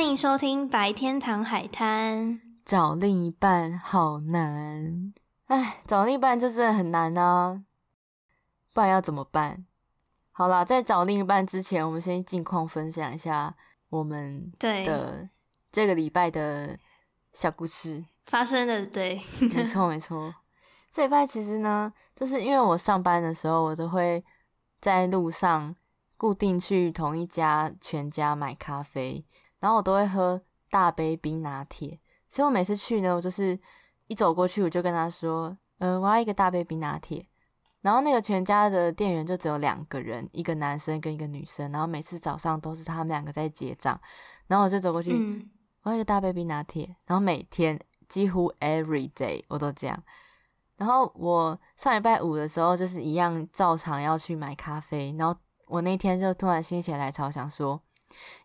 歡迎收聽《白天堂海灘》。找另一半好難，哎，找另一半就真的很難呢、啊。不然要怎麼辦？好啦，在找另一半之前，我們先近況分享一下我們的對這個禮拜的小故事發生的。對， 沒錯沒錯。這禮拜其實呢，就是因為我上班的時候，我都會在路上固定去同一家全家買咖啡。然後我都會喝大杯冰拿鐵，所以我每次去呢，我就是一走過去，我就跟他說：“嗯、呃，我要一個大杯冰拿鐵。”然後那個全家的店員就只有兩個人，一個男生跟一個女生。然後每次早上都是他們兩個在結賬。然後我就走過去、嗯，我要一個大杯冰拿鐵。然後每天幾乎 every day 我都這樣。然後我上禮拜五的時候，就是一樣照常要去買咖啡。然後我那天就突然心血來潮想說，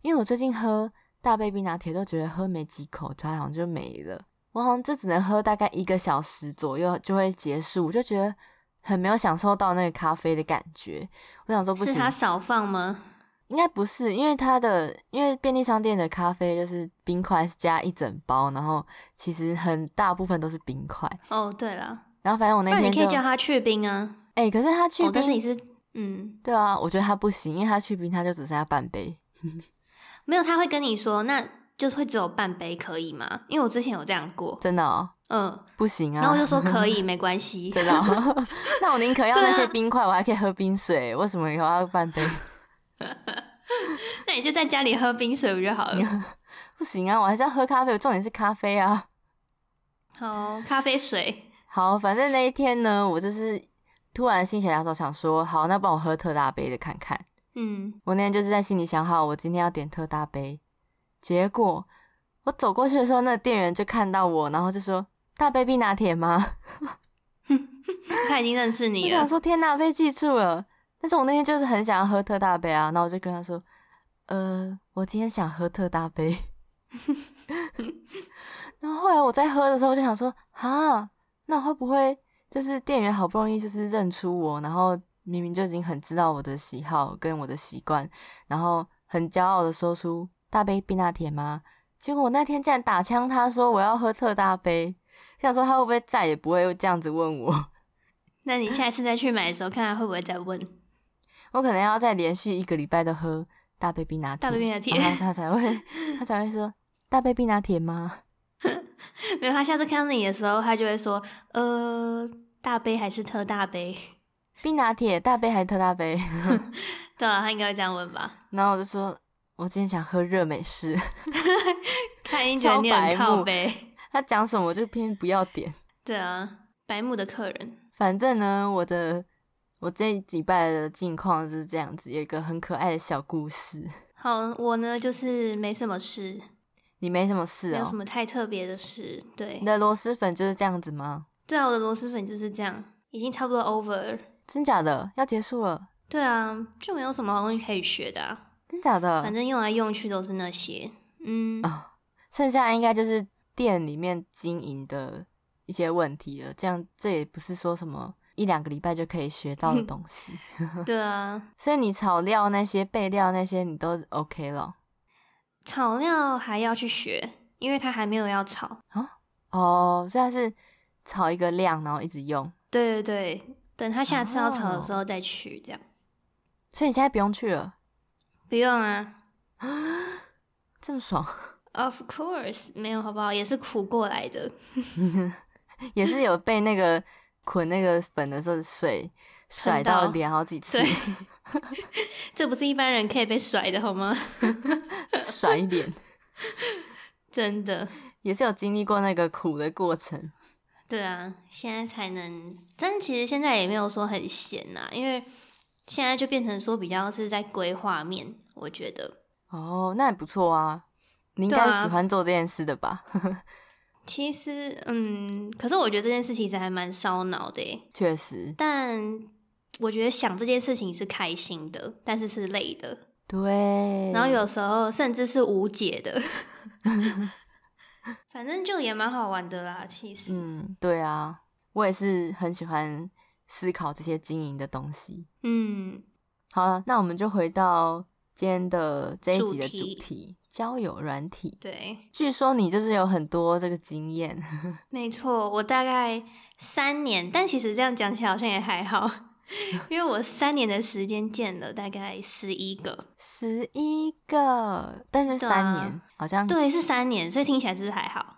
因為我最近喝。大杯冰拿鐵都覺得喝沒幾口，它好像就沒了。我好像就只能喝大概一個小時左右就會結束，就覺得很沒有享受到那個咖啡的感覺。我想說不行，不是他少放嗎？應該不是，因為他的，因為便利商店的咖啡就是冰塊加一整包，然後其實很大部分都是冰塊。哦，對了，然後反正我那天，你可以叫他去冰啊。欸，可是他去冰，但是你是，嗯，對啊，我覺得他不行，因為他去冰，他就只剩下半杯。 沒有，他會跟你說，那就是會只有半杯可以嗎？因為我之前有這樣過，真的、喔，嗯，不行啊。然後我就說可以， 沒關係，真的、喔。 那我寧可要那些冰塊、啊，我還可以喝冰水。為什麼以後要半杯？ 那你就在家裡喝冰水不就好了？ 不行啊，我還是要喝咖啡。我重點是咖啡啊。好，咖啡水。好，反正那一天呢，我就是突然心血來潮，想說，好，那幫我喝特大杯的看看。嗯，我那天就是在心裡想好，我今天要點特大杯。結果我走過去的時候，那個店員就看到我，然後就說：“大杯冰拿鐵嗎？” 他已經認識你了。我想說，天哪，被記住了。但是我那天就是很想要喝特大杯啊，然後我就跟他說：“呃，我今天想喝特大杯。 ” 然後後來我在喝的時候，我就想說：“啊，那會不會就是店員好不容易就是認出我，然後？”明明就已經很知道我的喜好跟我的習慣，然後很驕傲的說出大杯冰拿鐵嗎？結果我那天竟然打槍，他說我要喝特大杯。想說他會不會再也不會又這樣子問我？那你下次再去買的時候， 看他會不會再問？我可能要再連續一個禮拜都喝大杯冰拿鐵，大杯冰拿鐵，他才會 他才會說大杯冰拿鐵嗎？ 沒有，他下次看到你的時候，他就會說呃，大杯還是特大杯？冰拿鐵，大杯還是特大杯？ 對啊，他應該會這樣問吧。然後我就說，我今天想喝熱美式。 看一下你很靠杯，他講什麼我就偏，偏不要點。對啊，白目的客人。反正呢，我的我這禮拜的近況就是這樣子，有一個很可愛的小故事。好，我呢就是沒什麼事。你沒什麼事啊、哦？沒有什麼太特別的事。對。你的螺螄粉就是這樣子嗎？對啊，我的螺螄粉就是這樣，已經差不多 over。真假的要結束了，對啊，就沒有什麼好東西可以學的。啊，真假的，反正用來用去都是那些，嗯啊、哦，剩下應該就是店裡面經營的一些問題了。這樣這也不是說什麼一兩個禮拜就可以學到的東西。嗯、對啊， 所以你炒料那些備料那些你都 OK 了？炒料還要去學，因為它還沒有要炒哦，哦，雖、oh, 然是炒一個量，然後一直用，對對對。等他下次要吵的時候再去，這樣。Oh. 所以你現在不用去了。不用啊， 這麼爽。Of course，沒有好不好？也是苦過來的， 也是有被那個捆那個粉的時候的水甩到臉好幾次。對 這不是一般人可以被甩的好嗎？ 甩臉，真的也是有經歷過那個苦的過程。對啊，現在才能，但其實現在也沒有說很閒吶、啊，因為現在就變成說比較是在規劃面，我覺得哦，那也不錯啊，你應該、對啊、喜歡做這件事的吧？ 其實，嗯，可是我覺得這件事其實還蠻燒腦的，確實。但我覺得想這件事情是開心的，但是是累的，對。然後有時候甚至是無解的。 反正就也蠻好玩的啦，其實。嗯，對啊，我也是很喜歡思考這些經營的東西。嗯，好了，那我們就回到今天的這一集的主題——主題交友軟體。對，據說你就是有很多這個經驗。 沒錯，我大概三年，但其實這樣講起來好像也還好。 因為我三年的時間見了大概十一個，十一個，但是三年、啊、好像對是三年，所以聽起來是還好。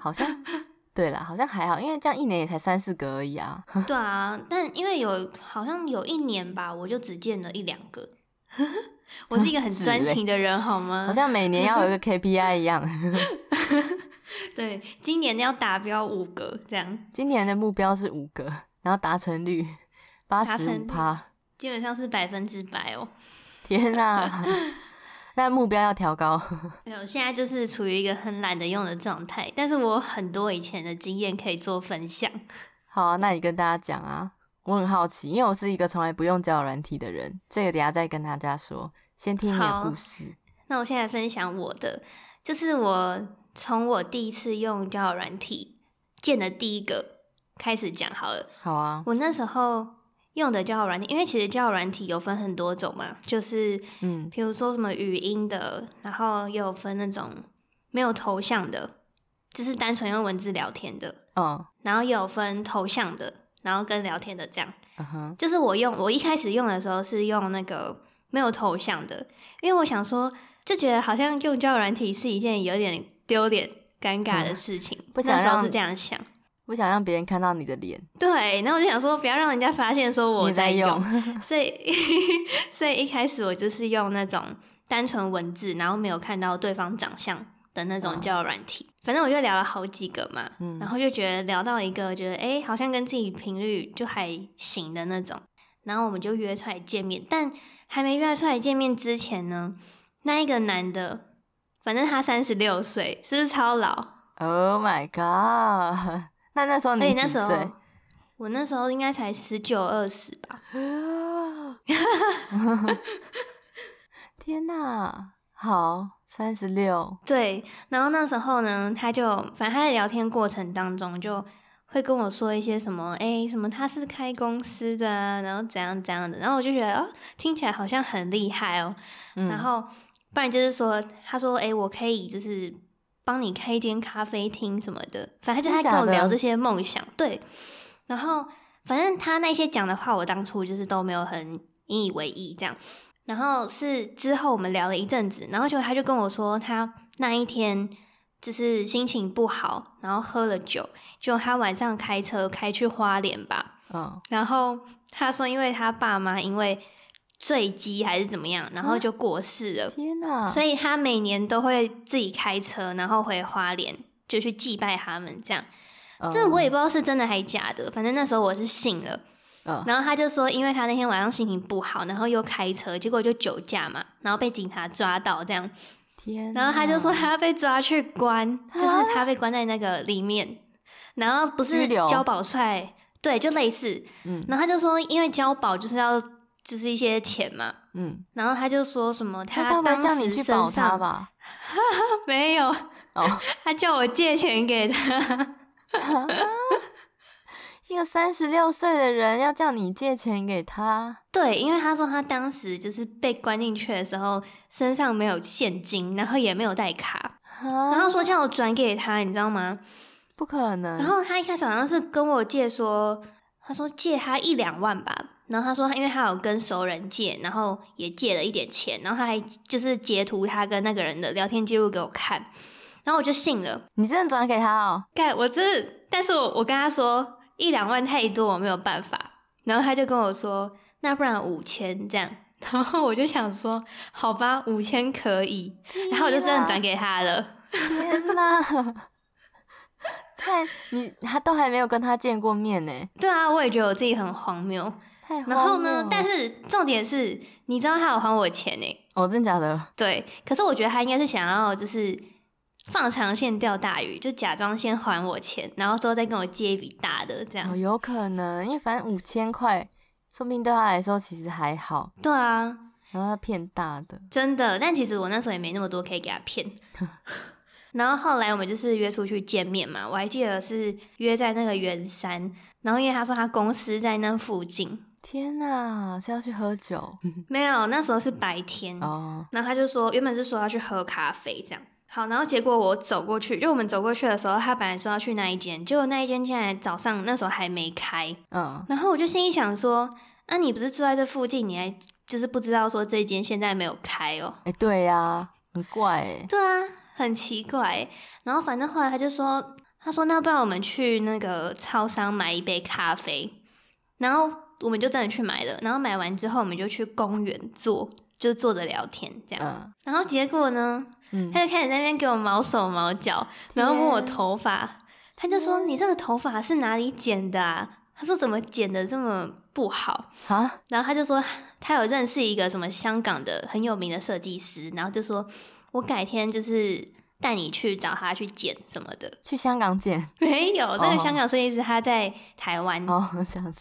好像對了，好像還好，因為這樣一年也才三四個而已啊。 對啊，但因為有好像有一年吧，我就只見了一兩個。 我是一個很專情的人，好嗎、欸？好像每年要有一個 KPI 一樣。 對，今年要達標五個這樣。今年的目標是五個，然後達成率，八十五趴，基本上是百分之百哦！天哪、啊， 那目標要調高。沒有，現在就是處於一個很懶得用的狀態，但是我很多以前的經驗可以做分享。好啊，那你跟大家講啊，我很好奇，因為我是一個從來不用交友軟體的人，這個等下再跟大家說，先聽你的故事。好，那我現在分享我的，就是我從我第一次用交友軟體見的第一個開始講好了。好啊，我那時候。用的交友軟體，因為其實交友軟體有分很多種嘛，就是嗯，比如說什麼語音的，然後也有分那種沒有頭像的，就是單純用文字聊天的，哦，然後也有分頭像的，然後跟聊天的這樣，嗯哼，uh-huh，就是我用，我一開始用的時候是用那個沒有頭像的，因為我想說，就覺得好像用交友軟體是一件有點丟臉尷尬的事情，嗯，不想讓是這樣想。不想讓別人看到你的臉，對。然後我就想說，不要讓人家發現說我在用，在用 所以 所以一開始我就是用那種單純文字，然後沒有看到對方長相的那種交友軟體，哦。反正我就聊了好幾個嘛，嗯、然後就覺得聊到一個覺得哎、欸，好像跟自己頻率就還行的那種，然後我們就約出來見面。但還沒約出來見面之前呢，那一個男的，反正他三十六歲，是不是超老？Oh my god！那那時候你幾歲？、欸、那時候，我那時候應該才十九二十吧。 天吶、啊、好，三十六。對。然後那時候呢，他就反正他在聊天過程當中就會跟我說一些什麼，誒、欸、什麼他是開公司的，然後怎樣怎樣的。然後我就覺得哦、喔，聽起來好像很厲害哦、喔嗯。然後不然就是說，他說，誒、欸、我可以就是。幫你開一間咖啡廳什麼的，反正就他跟我聊這些夢想，真的假的？對。然後反正他那些講的話，我當初就是都沒有很引以為意這樣。然後是之後我們聊了一陣子，然後就他就跟我說，他那一天就是心情不好，然後喝了酒，就他晚上開車開去花蓮吧。嗯、哦，然後他說，因為他爸媽因為。墜機還是怎麼樣，然後就過世了。天吶，所以他每年都會自己開車，然後回花蓮，就去祭拜他們。這樣，這我也不知道是真的還是假的，嗯。反正那時候我是信了，嗯。然後他就說，因為他那天晚上心情不好，然後又開車，結果就酒駕嘛，然後被警察抓到。這樣。天。然後他就說他要被抓去關，就、啊、是他被關在那個裡面，然後不是交保出來，對，就類似。嗯。然後他就說，因為交保就是要。就是一些錢嘛，嗯，然後他就說什麼他當時身上，他到底要叫你去保他吧？ 沒有，哦、oh.，他叫我借錢給他， 一個三十六歲的人要叫你借錢給他，對，因為他說他當時就是被關進去的時候身上沒有現金，然後也沒有帶卡，oh. 然後說叫我轉給他，你知道嗎？不可能。然後他一開始好像是跟我借說，他說借他一兩萬吧。然後他說，因為他有跟熟人借，然後也借了一點錢，然後他還就是截圖他跟那個人的聊天記錄給我看，然後我就信了。你真的轉給他哦？對，我真但是我我跟他說一兩萬太多，我沒有辦法。然後他就跟我說，那不然五千這樣。然後我就想說，好吧，五千可以。啊、然後我就真的轉給他了。天吶、啊、太 你他都還沒有跟他見過面呢。對啊，我也覺得我自己很荒謬。太了，然後呢？但是重點是，你知道他有還我錢誒、欸、哦，真的假的？對。可是我覺得他應該是想要就是放長線釣大魚，就假裝先還我錢，然後之後再跟我借一筆大的這樣、哦。有可能，因為反正五千塊，說不定對他來說其實還好。對啊，然後他騙大的，真的。但其實我那時候也沒那麼多可以給他騙。 然後後來我們就是約出去見面嘛，我還記得是約在那個圓山，然後因為他說他公司在那附近。天吶、啊，是要去喝酒？ 沒有，那時候是白天哦。Uh. 然後他就說，原本是說要去喝咖啡，這樣好。然後結果我走過去，就我們走過去的時候，他本來說要去那一間，結果那一間竟然早上那時候還沒開。嗯、uh.。然後我就心裡想說，那、啊、你不是住在這附近，你還就是不知道說這間現在沒有開哦、喔？哎、欸，對呀、啊，很怪哎、欸。對啊，很奇怪、欸。然後反正後來他就說，他說那要不然我們去那個超商買一杯咖啡，然後。我們就真的去買了，然後買完之後，我們就去公園坐，就坐着聊天這樣。嗯、然後結果呢，嗯、他就開始在那邊給我毛手毛腳，然後問我頭髮，他就說、嗯：“你這個頭髮是哪裡剪的啊？”他說：“怎麼剪得這麼不好？”啊！然後他就說他有認識一個什麼香港的很有名的設計師，然後就說：“我改天就是。”帶你去找他去剪什麼的，去香港剪？沒有，那個香港設計師他在臺灣。哦、oh,，這樣子。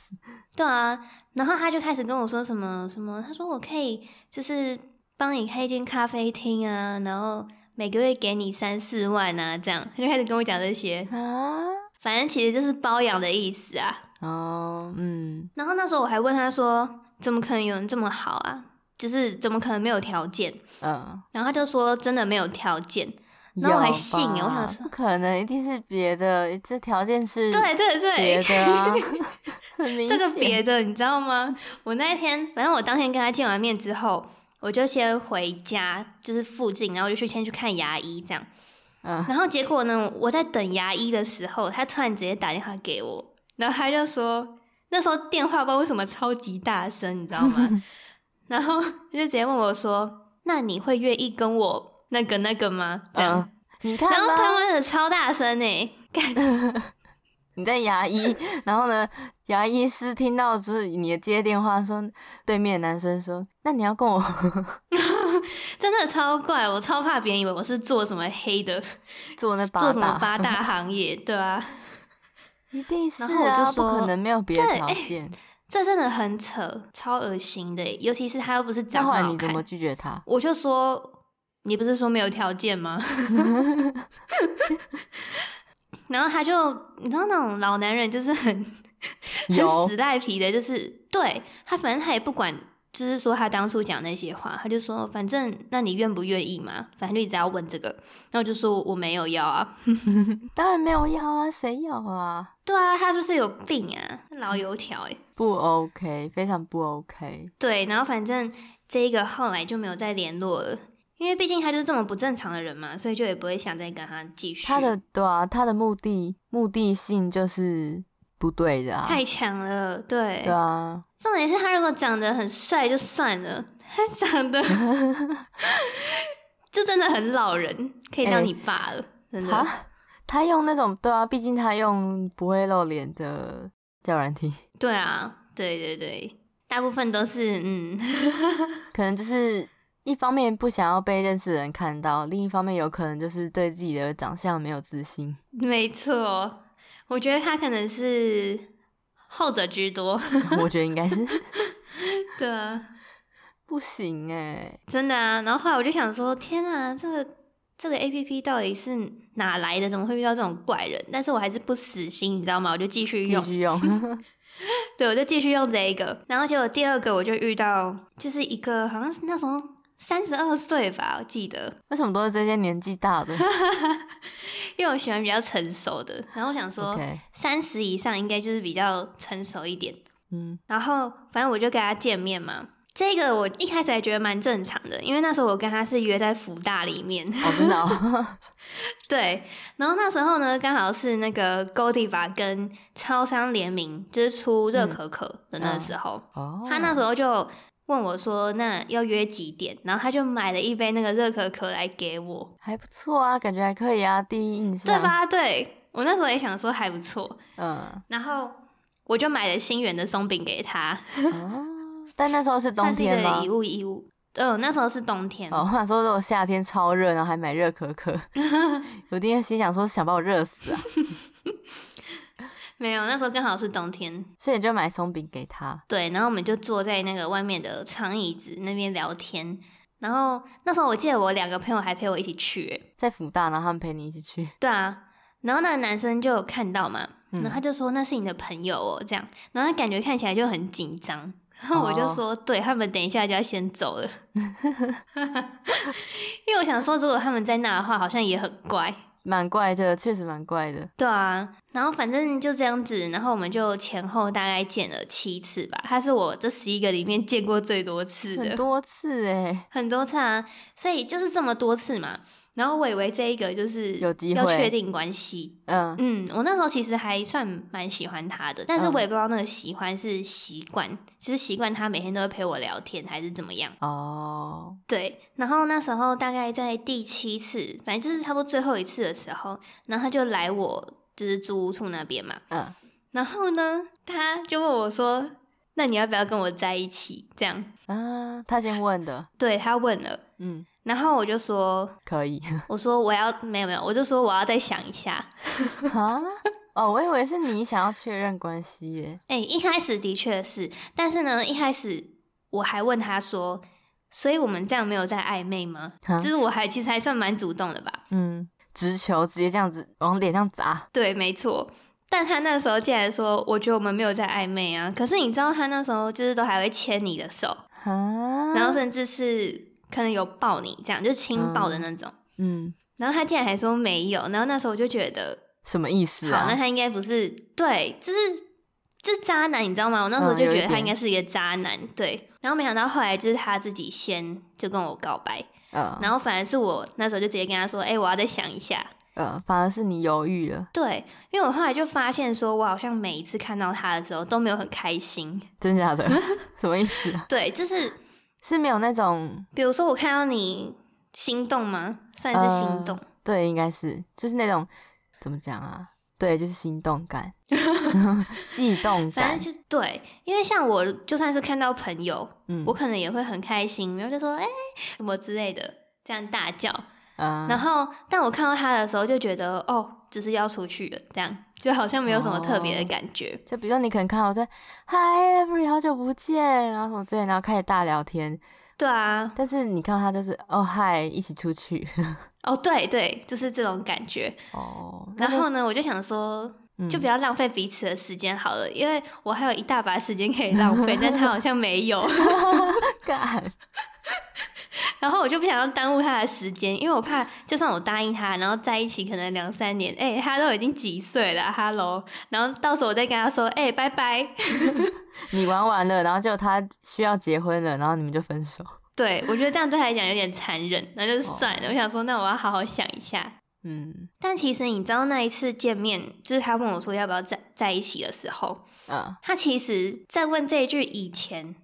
對啊，然後他就開始跟我說什麼什麼，他說我可以就是幫你開一間咖啡廳啊，然後每個月給你三四萬啊，這樣。他就開始跟我講這些啊，huh? 反正其實就是包養的意思啊。哦、oh,，嗯。然後那時候我還問他說，怎麼可能有人這麼好啊？就是怎麼可能沒有條件？嗯、uh.。然後他就說，真的沒有條件。然後我還信，我想說，不可能，一定是別的。這條件是對對對，別的、啊，很明顯 這個別的，你知道嗎？我那一天，反正我當天跟他見完面之後，我就先回家，就是附近，然後就去先去看牙醫，這樣。嗯。然後結果呢，我在等牙醫的時候，他突然直接打電話給我，然後他就說，那時候電話不知道為什麼超級大聲，你知道嗎？ 然後就直接問我說：“那你會願意跟我？”那個那個嗎？這樣嗯，你看。然後他們的超大聲哎、欸！ 你在牙醫，然後呢，牙醫師聽到就是你接電話說，對面男生說：“那你要跟我呵呵？” 真的超怪，我超怕別人以為我是做什麼黑的，做那八大做大八大行業，對啊， 一定是、啊。然後我就說，不可能沒有別的條件、欸，這真的很扯，超惡心的、欸。尤其是他又不是講話好看，後來你怎麼拒絕他？我就說。你不是說沒有條件嗎？ 然後他就，你知道那種老男人就是很有 很死賴皮的，就是對他，反正他也不管，就是說他當初講那些話，他就說反正那你願不願意嘛，反正就一直要問這個。然後我就說我沒有要啊， 當然沒有要啊，誰要啊？對啊，他是不是有病啊？老油條欸，不 OK，非常不 OK。對，然後反正這一個後來就沒有再聯絡了。因為畢竟他就是這麼不正常的人嘛，所以就也不會想再跟他繼續。他的對啊，他的目的目的性就是不對的啊。太強了。對對啊，重點是他如果長得很帥就算了，他長得 就真的很老人，可以當你爸了，欸，真的。他用那種對啊，畢竟他用不會露臉的交軟體。對啊，對對對，大部分都是嗯， 可能就是。一方面不想要被認識的人看到，另一方面有可能就是對自己的長相沒有自信。沒錯，我覺得他可能是後者居多。 我覺得應該是。 對啊，不行哎、欸，真的啊。然後後來我就想說，天啊，這個這個 APP 到底是哪來的？怎麼會遇到這種怪人？但是我還是不死心，你知道嗎？我就繼續用，繼續用。 對，我就繼續用這一個。然後結果第二個我就遇到，就是一個好像是那種。三十二歲吧，我記得。為什麼都是這些年紀大的？ 因為我喜歡比較成熟的。然後我想說，三十以上應該就是比較成熟一點。嗯、okay。然後反正我就跟他見面嘛。這個我一開始還覺得蠻正常的，因為那時候我跟他是約在福大裡面。我知道。 對。然後那時候呢，剛好是那個 Godiva 跟超商聯名，就是出熱可可的那個時候。哦、嗯。Oh. 他那時候就。問我說：“那要約幾點？”然後他就買了一杯那個熱可可來給我，還不錯啊，感覺還可以啊，第一印象、嗯。對吧？對，我那時候也想說還不錯，嗯。然後我就買了新源的鬆餅給他，哦、 但那時候是冬天嘛。算是一個禮物禮物。嗯、呃，那時候是冬天。哦，話說如果夏天超熱，然後還買熱可可，我今天心想說想把我熱死啊。 沒有，那時候剛好是冬天，所以你就買鬆餅給他。對，然後我們就坐在那個外面的長椅子那邊聊天。然後那時候我記得我兩個朋友還陪我一起去耶，在輔大，然後他們陪你一起去。對啊，然後那個男生就有看到嘛，嗯、然後他就說那是你的朋友哦？喔、這樣，然後他感覺看起來就很緊張，然後我就說、哦、對，他們等一下就要先走了， 因為我想說如果他們在那的話，好像也很乖。蠻怪的，確實蠻怪的。對啊，然後反正就這樣子，然後我們就前後大概見了七次吧。他是我這十一個裡面見過最多次的，很多次哎、欸，很多次啊。所以就是這麼多次嘛。然後我以為這一個就是要確定關係，嗯嗯，我那時候其實還算蠻喜歡他的，但是我也不知道那個喜歡是習慣，其、嗯、實、就是、習慣他每天都會陪我聊天還是怎麼樣哦。對，然後那時候大概在第七次，反正就是差不多最後一次的時候，然後他就來我就是租屋處那邊嘛，嗯，然後呢他就問我說：“那你要不要跟我在一起？”這樣啊，他先問的，對他問了，嗯。然後我就說可以，我說我要沒有沒有，我就說我要再想一下啊哦， huh? oh, 我以為是你想要確認關係耶。哎、欸，一開始的確是，但是呢，一開始我還問他說，所以我們這樣沒有在曖昧嗎？就、huh? 是我還其實還算蠻主動的吧，嗯，直球直接這樣子往臉上砸，對，沒錯。但他那時候竟然說，我覺得我們沒有在曖昧啊。可是你知道他那時候就是都還會牽你的手啊，huh? 然後甚至是。可能有抱你，這樣就是輕抱的那種嗯，嗯。然後他竟然還說沒有，然後那時候我就覺得什麼意思啊？那他應該不是，對，就是就是渣男，你知道嗎？我那時候就覺得他應該是一個渣男、嗯，對。然後沒想到後來就是他自己先就跟我告白，嗯。然後反而是我那時候就直接跟他說，哎、欸，我要再想一下，呃、嗯，反而是你猶豫了，對，因為我後來就發現說，我好像每一次看到他的時候都沒有很開心，真的假的？ 什麼意思、啊？對，就是。是沒有那種，比如說我看到你心動嗎？算是心動，呃、對，應該是就是那種怎麼講啊？對，就是心動感、悸 動感，反正就對。因為像我就算是看到朋友，嗯，我可能也會很開心，然後就說誒、欸、什麼之類的，這樣大叫。嗯、然後，但我看到他的時候就覺得，哦，就是要出去了，這樣就好像沒有什麼特別的感覺。哦、就比如說，你可能看到我在 “Hi every”，好久不見，然後什麼之類的，然後開始大聊天。對啊。但是你看到他就是，哦，嗨，一起出去。哦，對對，就是這種感覺。哦。然後呢，我就想說，就不要浪費彼此的時間好了，嗯、因為我還有一大把時間可以浪費， 但他好像沒有。 然後我就不想要耽誤他的時間，因為我怕，就算我答應他，然後在一起可能兩三年，哎、欸，他都已經幾歲了，Hello，然後到時候我再跟他說，哎、欸，拜拜， 你玩完了，然後就他需要結婚了，然後你們就分手。對，我覺得這樣對他來講有點殘忍，那就算了。Oh. 我想說，那我要好好想一下。嗯，但其實你知道那一次見面，就是他問我說要不要在在一起的時候，嗯、uh.，他其實，在問這一句以前，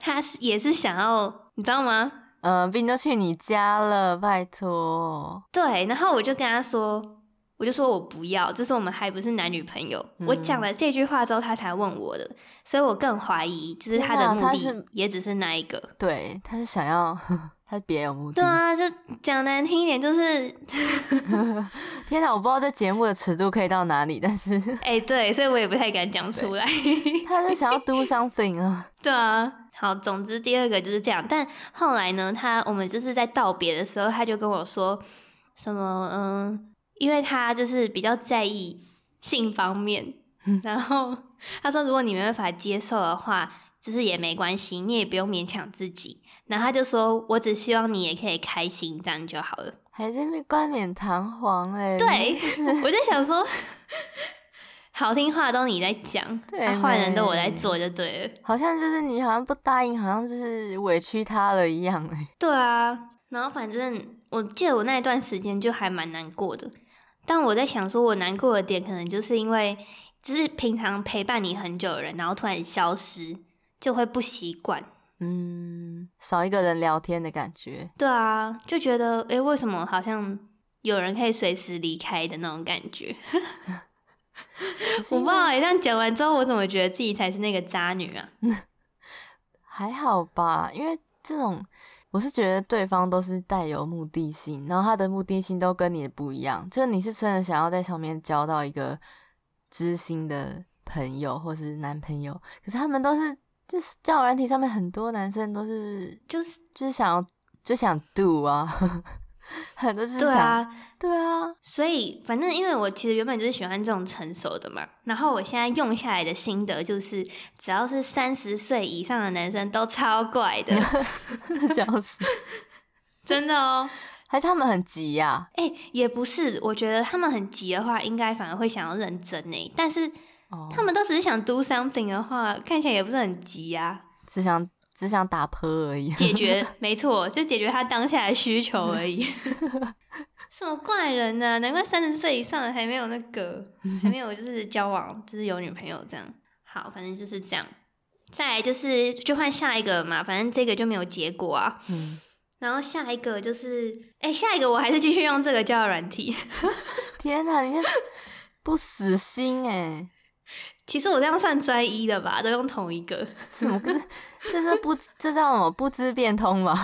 他是也是想要。你知道嗎？嗯、呃，病都去你家了，拜託。對，然後我就跟他說，我就說我不要，這是我們還不是男女朋友。嗯、我講了這句話之後，他才問我的，所以我更懷疑，就是他的目的也只是那一個、啊。對，他是想要呵呵。他別有目的。對啊，就講難聽一點，就是 天吶，我不知道這節目的尺度可以到哪裡，但是哎、 欸，對，所以我也不太敢講出來。他是想要 do something 啊？ 對啊。好，總之第二個就是這樣。但後來呢，他我們就是在道別的時候，他就跟我說什麼，嗯，因為他就是比較在意性方面，然後他說，如果你沒辦法接受的話，就是也沒關係，你也不用勉強自己。然後他就說：“我只希望你也可以開心，這樣就好了。”還真被冠冕堂皇誒、欸、對， 我就想說，好聽話都你在講，對，啊、壞人都我在做，就對了。好像就是你，好像不答應，好像就是委屈他了一樣哎、欸。對啊，然後反正我記得我那一段時間就還蠻難過的。但我在想說我難過的點，可能就是因為，就是平常陪伴你很久的人，然後突然消失，就會不習慣。嗯，少一個人聊天的感覺。對啊，就覺得誒、欸，為什麼好像有人可以隨時離開的那種感覺？ 我不知道欸，這樣講完之後，我怎麼覺得自己才是那個渣女啊？還好吧，因為這種我是覺得對方都是帶有目的性，然後他的目的性都跟你的不一樣。就是你是真的想要在上面交到一個知心的朋友或是男朋友，可是他們都是。就是交友軟體上面很多男生都是，就是就是想要，就想 do 啊， 很多就是想，對啊，對啊，所以反正因為我其實原本就是喜歡這種成熟的嘛，然後我現在用下來的心得就是，只要是三十歲以上的男生都超怪的，笑想死， 真的哦，還他們很急呀，啊？誒、欸、也不是，我覺得他們很急的話，應該反而會想要認真哎、欸，但是。他們都只是想 do something 的話，看起來也不是很急啊，只想只想打炮而已。解決，沒錯，就解決他當下的需求而已。 什麼怪人呢、啊？難怪三十歲以上的還沒有那個，還沒有就是交往，就是有女朋友這樣。好，反正就是這樣。再來就是就換下一個嘛，反正這個就沒有結果啊。嗯。然後下一個就是，哎、欸，下一個我還是繼續用這個交友軟體。 天吶，你不死心哎、欸！其實我這樣算專一的吧，都用同一個，是嗎？這是不，這叫什麼？不知變通吧。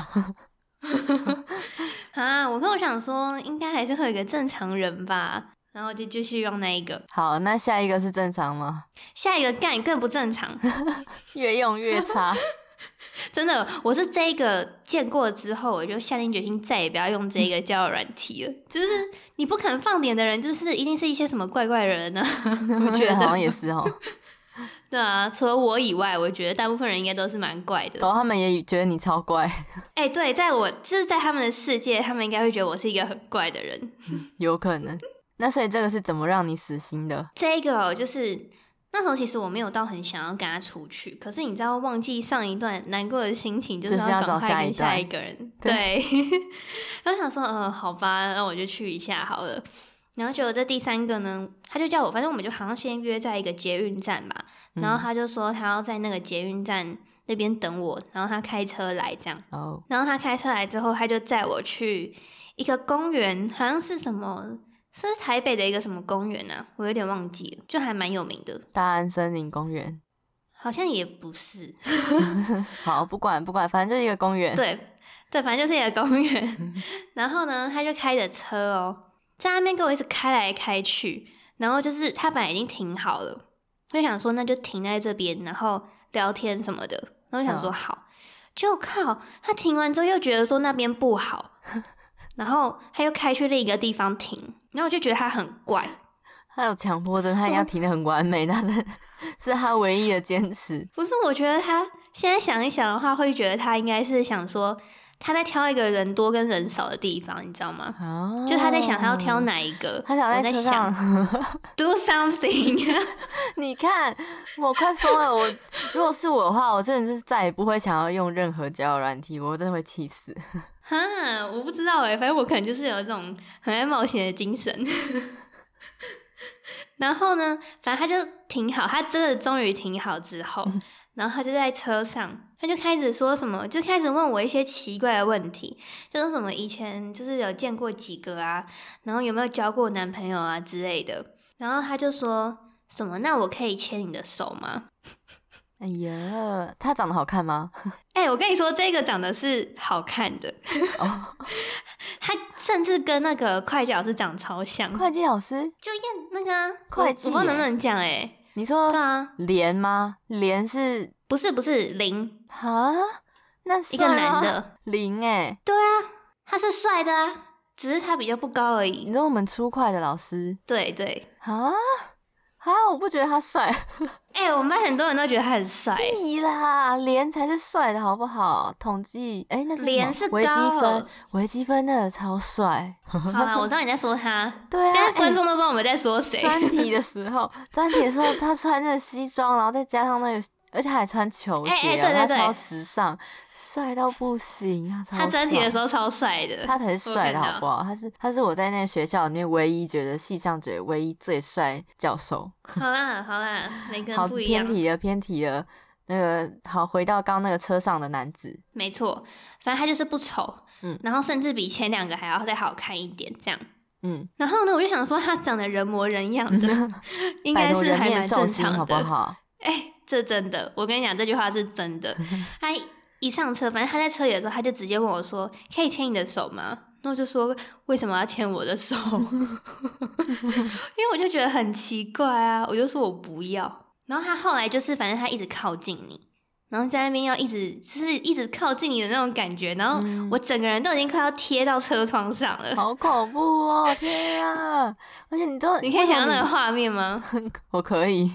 哈，我跟我想說，應該還是會有一個正常人吧，然後就繼續用那一個。好，那下一個是正常嗎？下一個更更不正常， 越用越差。 真的，我是這個見過之後，我就下定決心，再也不要用這個交友軟體了。 就是你不肯放臉的人，就是一定是一些什麼怪怪的人呢、啊？ 我覺得 好像也是哦。 對啊，除了我以外，我覺得大部分人應該都是蠻怪的。然後他們也覺得你超怪。哎、 欸，對，在我就是在他們的世界，他們應該會覺得我是一個很怪的人。 有可能。那所以這個是怎麼讓你死心的？ 這個、喔、就是。那時候其實我沒有到很想要跟他出去，可是你知道，忘記上一段難過的心情，就是要趕快跟下一個人。就是、對。對 然後想說，嗯、呃，好吧，那我就去一下好了。然後結果這第三個呢，他就叫我，反正我們就好像先約在一個捷運站吧。然後他就說他要在那個捷運站那邊等我，然後他開車來這樣。嗯、然後他開車來之後，他就載我去一個公園，好像是什麼。是台北的一個什麼公園啊？我有點忘記了，就還蠻有名的。大安森林公園，好像也不是。 好，不管不管，反正就是一個公園。對對，反正就是一個公園。 然後呢，他就開着車哦，在那邊跟我一直開來開去。然後就是他本來已經停好了，我就想說那就停在這邊，然後聊天什麼的。然後想說好，哦、就靠他停完之後又覺得說那邊不好， 然後他又開去另一個地方停。然後我就覺得他很怪，他有強迫症，他應該停的很完美，那、嗯、真是他唯一的堅持。不是，我覺得他現在想一想的話，會覺得他應該是想說他在挑一個人多跟人少的地方，你知道嗎？哦、就他在想他要挑哪一個，他想在車上：「Do something 。 你看我快瘋了，我如果是我的話，我真的是再也不會想要用任何交友軟體，我真的會氣死。哈，我不知道哎、欸，反正我可能就是有這種很愛冒險的精神。 然後呢，反正他就停好，他真的終於停好之後，然後他就在車上，他就開始說什麼，就開始問我一些奇怪的問題，就說什麼以前就是有見過幾個啊，然後有沒有交過男朋友啊之類的，然後他就說什麼，那我可以牽你的手嗎？ 哎呀，他長得好看嗎？哎、 欸，我跟你說，這個長得是好看的。哦， 他甚至跟那個會計老師長超像。會計老師就演那個會計我，我不知道能不能講哎、欸。你說連嗎？廉、啊、是？不是不是，零啊？那是一個男的零哎、欸？對啊，他是帥的啊，只是他比較不高而已。你知道我們初會的老師？對對啊。啊！我不覺得他帥，哎、欸，我們班很多人都覺得他很帥。對啦，臉才是帥的好不好？統計，哎、欸，那是臉是高。微積分，微積分那個超帥。好啦，我知道你在說他。對啊，但是觀眾都不知道我們在說誰？專、欸、題的時候，專 題的時候，他穿那個西裝，然後再加上那個。而且還穿球鞋。啊，哎、欸欸，對對對，超時尚，帥到不行，他睜眼的時候超帥的，他才是帥的好不好？他是他是我在那個學校裡面唯一覺得系上嘴唯一最帥教授。 好啦好啦，每個不一樣。好，偏題了偏題了，那個好，回到剛剛那個車上的男子。沒錯，反正他就是不醜，嗯，然後甚至比前兩個還要再好看一點，這樣，嗯。然後呢，我就想說他長得人模人樣的， 應該是還蠻正常，好不好？哎、欸，這真的，我跟你講，這句話是真的。他一上車，反正他在車裡的時候，他就直接問我說：“可以牽你的手嗎？”那我就說：“為什麼要牽我的手？” 因為我就覺得很奇怪啊，我就說我不要。然後他後來就是，反正他一直靠近你。然後在那邊要一直就是一直靠近你的那種感覺，然後我整個人都已經快要貼到車窗上了，嗯、 好恐怖哦！ 天啊！而且你都，你可以想象那個畫面嗎？我可以，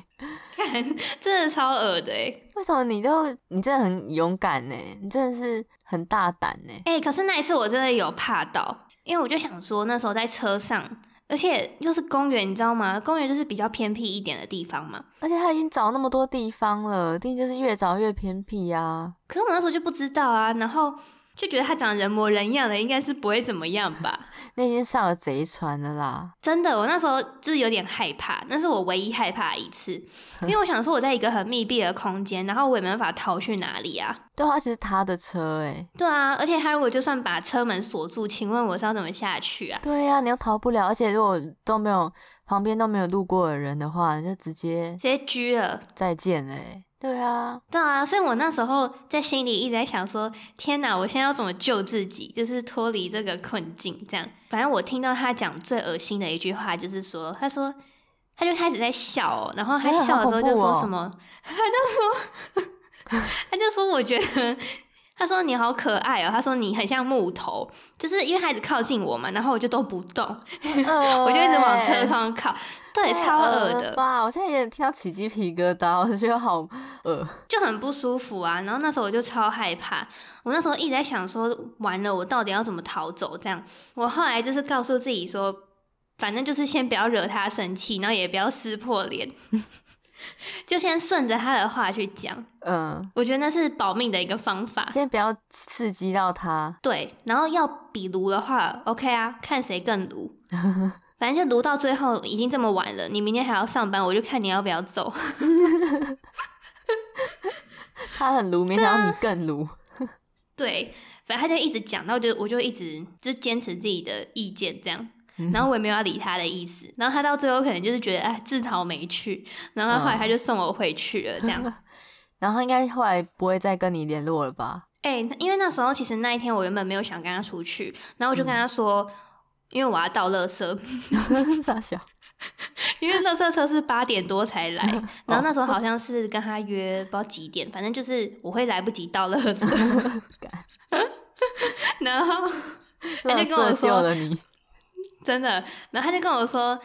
看，真的超惡的哎！為什麼你就 可以， 你真的很勇敢呢？你真的是很大膽呢？哎、欸，可是那一次我真的有怕到，因為我就想說那時候在車上。而且又是公園，你知道嗎？公園就是比較偏僻一點的地方嘛。而且他已經找那麼多地方了，一定就是越找越偏僻呀、啊。可是我們那時候就不知道啊，然後，就覺得他長得人模人樣的，應該是不會怎麼樣吧？ 那天上了賊船的啦，真的，我那時候就是有點害怕，那是我唯一害怕的一次， 因為我想說我在一個很密閉的空間，然後我也沒辦法逃去哪裡啊。對啊，其實是他的車誒、欸、對啊，而且他如果就算把車門鎖住，請問我是要怎麼下去啊？對啊，你又逃不了，而且如果都沒有旁邊都沒有路過的人的話，你就直接直接狙了，再見誒對啊，對啊，所以我那時候在心裡一直在想說：“天哪，我現在要怎麼救自己，就是脫離這個困境。”這樣，反正我聽到他講最惡心的一句話，就是說：“他說，他就開始在笑，然後他笑的時候就說什麼，他就說，他就說， 他就說我覺得。”他說你好可愛哦、喔，他說你很像木頭，就是因為他一直靠近我嘛，然後我就都不動，呃欸、 我就一直往車窗靠，對，欸、超惡的，哇、呃！我現在也聽到起雞皮疙瘩，我覺得好惡，就很不舒服啊。然後那時候我就超害怕，我那時候一直在想說，完了，我到底要怎麼逃走？這樣，我後來就是告訴自己說，反正就是先不要惹他生氣，然後也不要撕破臉。就先順着他的話去講，嗯，我覺得那是保命的一個方法。先不要刺激到他，對，然後要比盧的話，OK 啊，看誰更盧， 反正就盧到最後，已經這麼晚了，你明天還要上班，我就看你要不要走。 他很盧，沒想到你更盧啊。對，反正他就一直講到，我就我就一直就堅持自己的意見，這樣。嗯、然後我也沒有要理他的意思，然後他到最後可能就是覺得哎，自討沒趣，然後他後來他就送我回去了，嗯、這樣， 然後應該後來不會再跟你聯絡了吧？哎、欸，因為那時候其實那一天我原本沒有想跟他出去，然後我就跟他說，嗯、因為我要倒垃圾，傻 想 因為垃圾車是八點多才來，然後那時候好像是跟他約不知道幾點，反正就是我會來不及倒垃圾， 然後他就跟我說了你。真的，然後他就跟我說，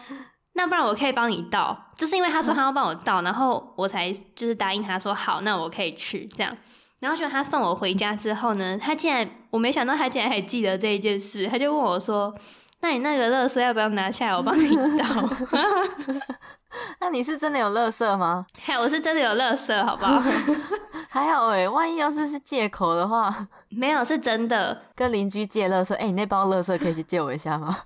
那不然我可以幫你倒，就是因為他說他要幫我倒，然後我才就是答應他說好，那我可以去這樣。然後就他送我回家之後呢，他竟然我沒想到他竟然還記得這一件事，他就問我說，那你那個垃圾要不要拿下來，我幫你倒。 那你是真的有樂色嗎？嗨，我是真的有樂色，好不好？ 還好哎，萬一要是是借口的話，沒有是真的跟鄰居借樂色。哎、欸，你那包樂色可以去借我一下嗎？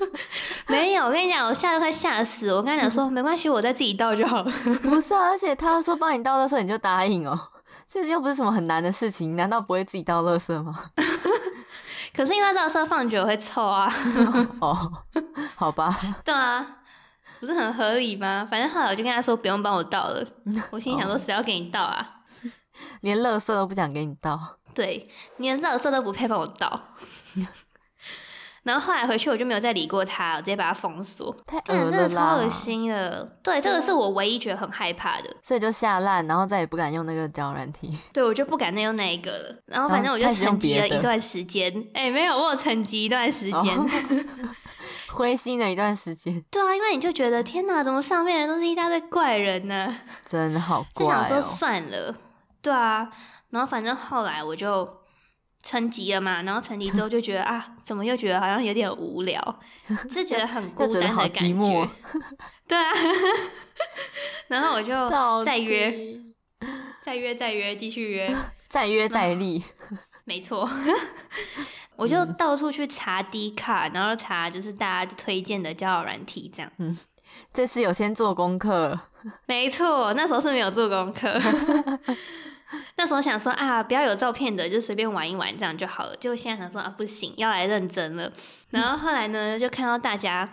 沒有，我跟你講，我嚇都快嚇死。我跟他講說，沒關係，我再自己倒就好。 不是啊，而且他說幫你倒樂色，你就答應哦、喔。這又不是什麼很難的事情，難道不會自己倒樂色嗎？ 可是因為到時候放久會臭啊。 哦，好吧。對啊。不是很合理嗎？反正後來我就跟他說，不用幫我倒了、嗯，我心裡想說誰要給你倒啊？哦、 連垃圾都不想給你倒，對，連垃圾都不配幫我倒。 然後後來回去我就沒有再理過他，我直接把他封鎖。天真的超惡心了、嗯、對，這個是我唯一覺得很害怕的。所以就下爛，然後再也不敢用那個交軟體。對，我就不敢再用那一個了。然後反正我就沉寂了一段時間。哎、欸，沒有，我有沉寂一段時間。哦 灰心的一段時間，對啊，因為你就覺得天吶，怎麼上面人都是一大堆怪人呢？啊？真的好怪、喔，就想說算了，對啊。然後反正後來我就升級了嘛，然後升級之後就覺得 啊，怎麼又覺得好像有點無聊，是覺得很孤單的感覺，就覺得好寂寞，對啊。 然後我就再約，到再、約再約，再約，繼續約，再約再厲。沒錯， 我就到處去查 D 卡，嗯、然後查就是大家推薦的交友軟體這樣。嗯，這次有先做功課。沒錯，那時候是沒有做功課。 那時候想說啊，不要有照片的，就隨便玩一玩這樣就好了。就現在想說啊，不行，要來認真了。然後後來呢，就看到大家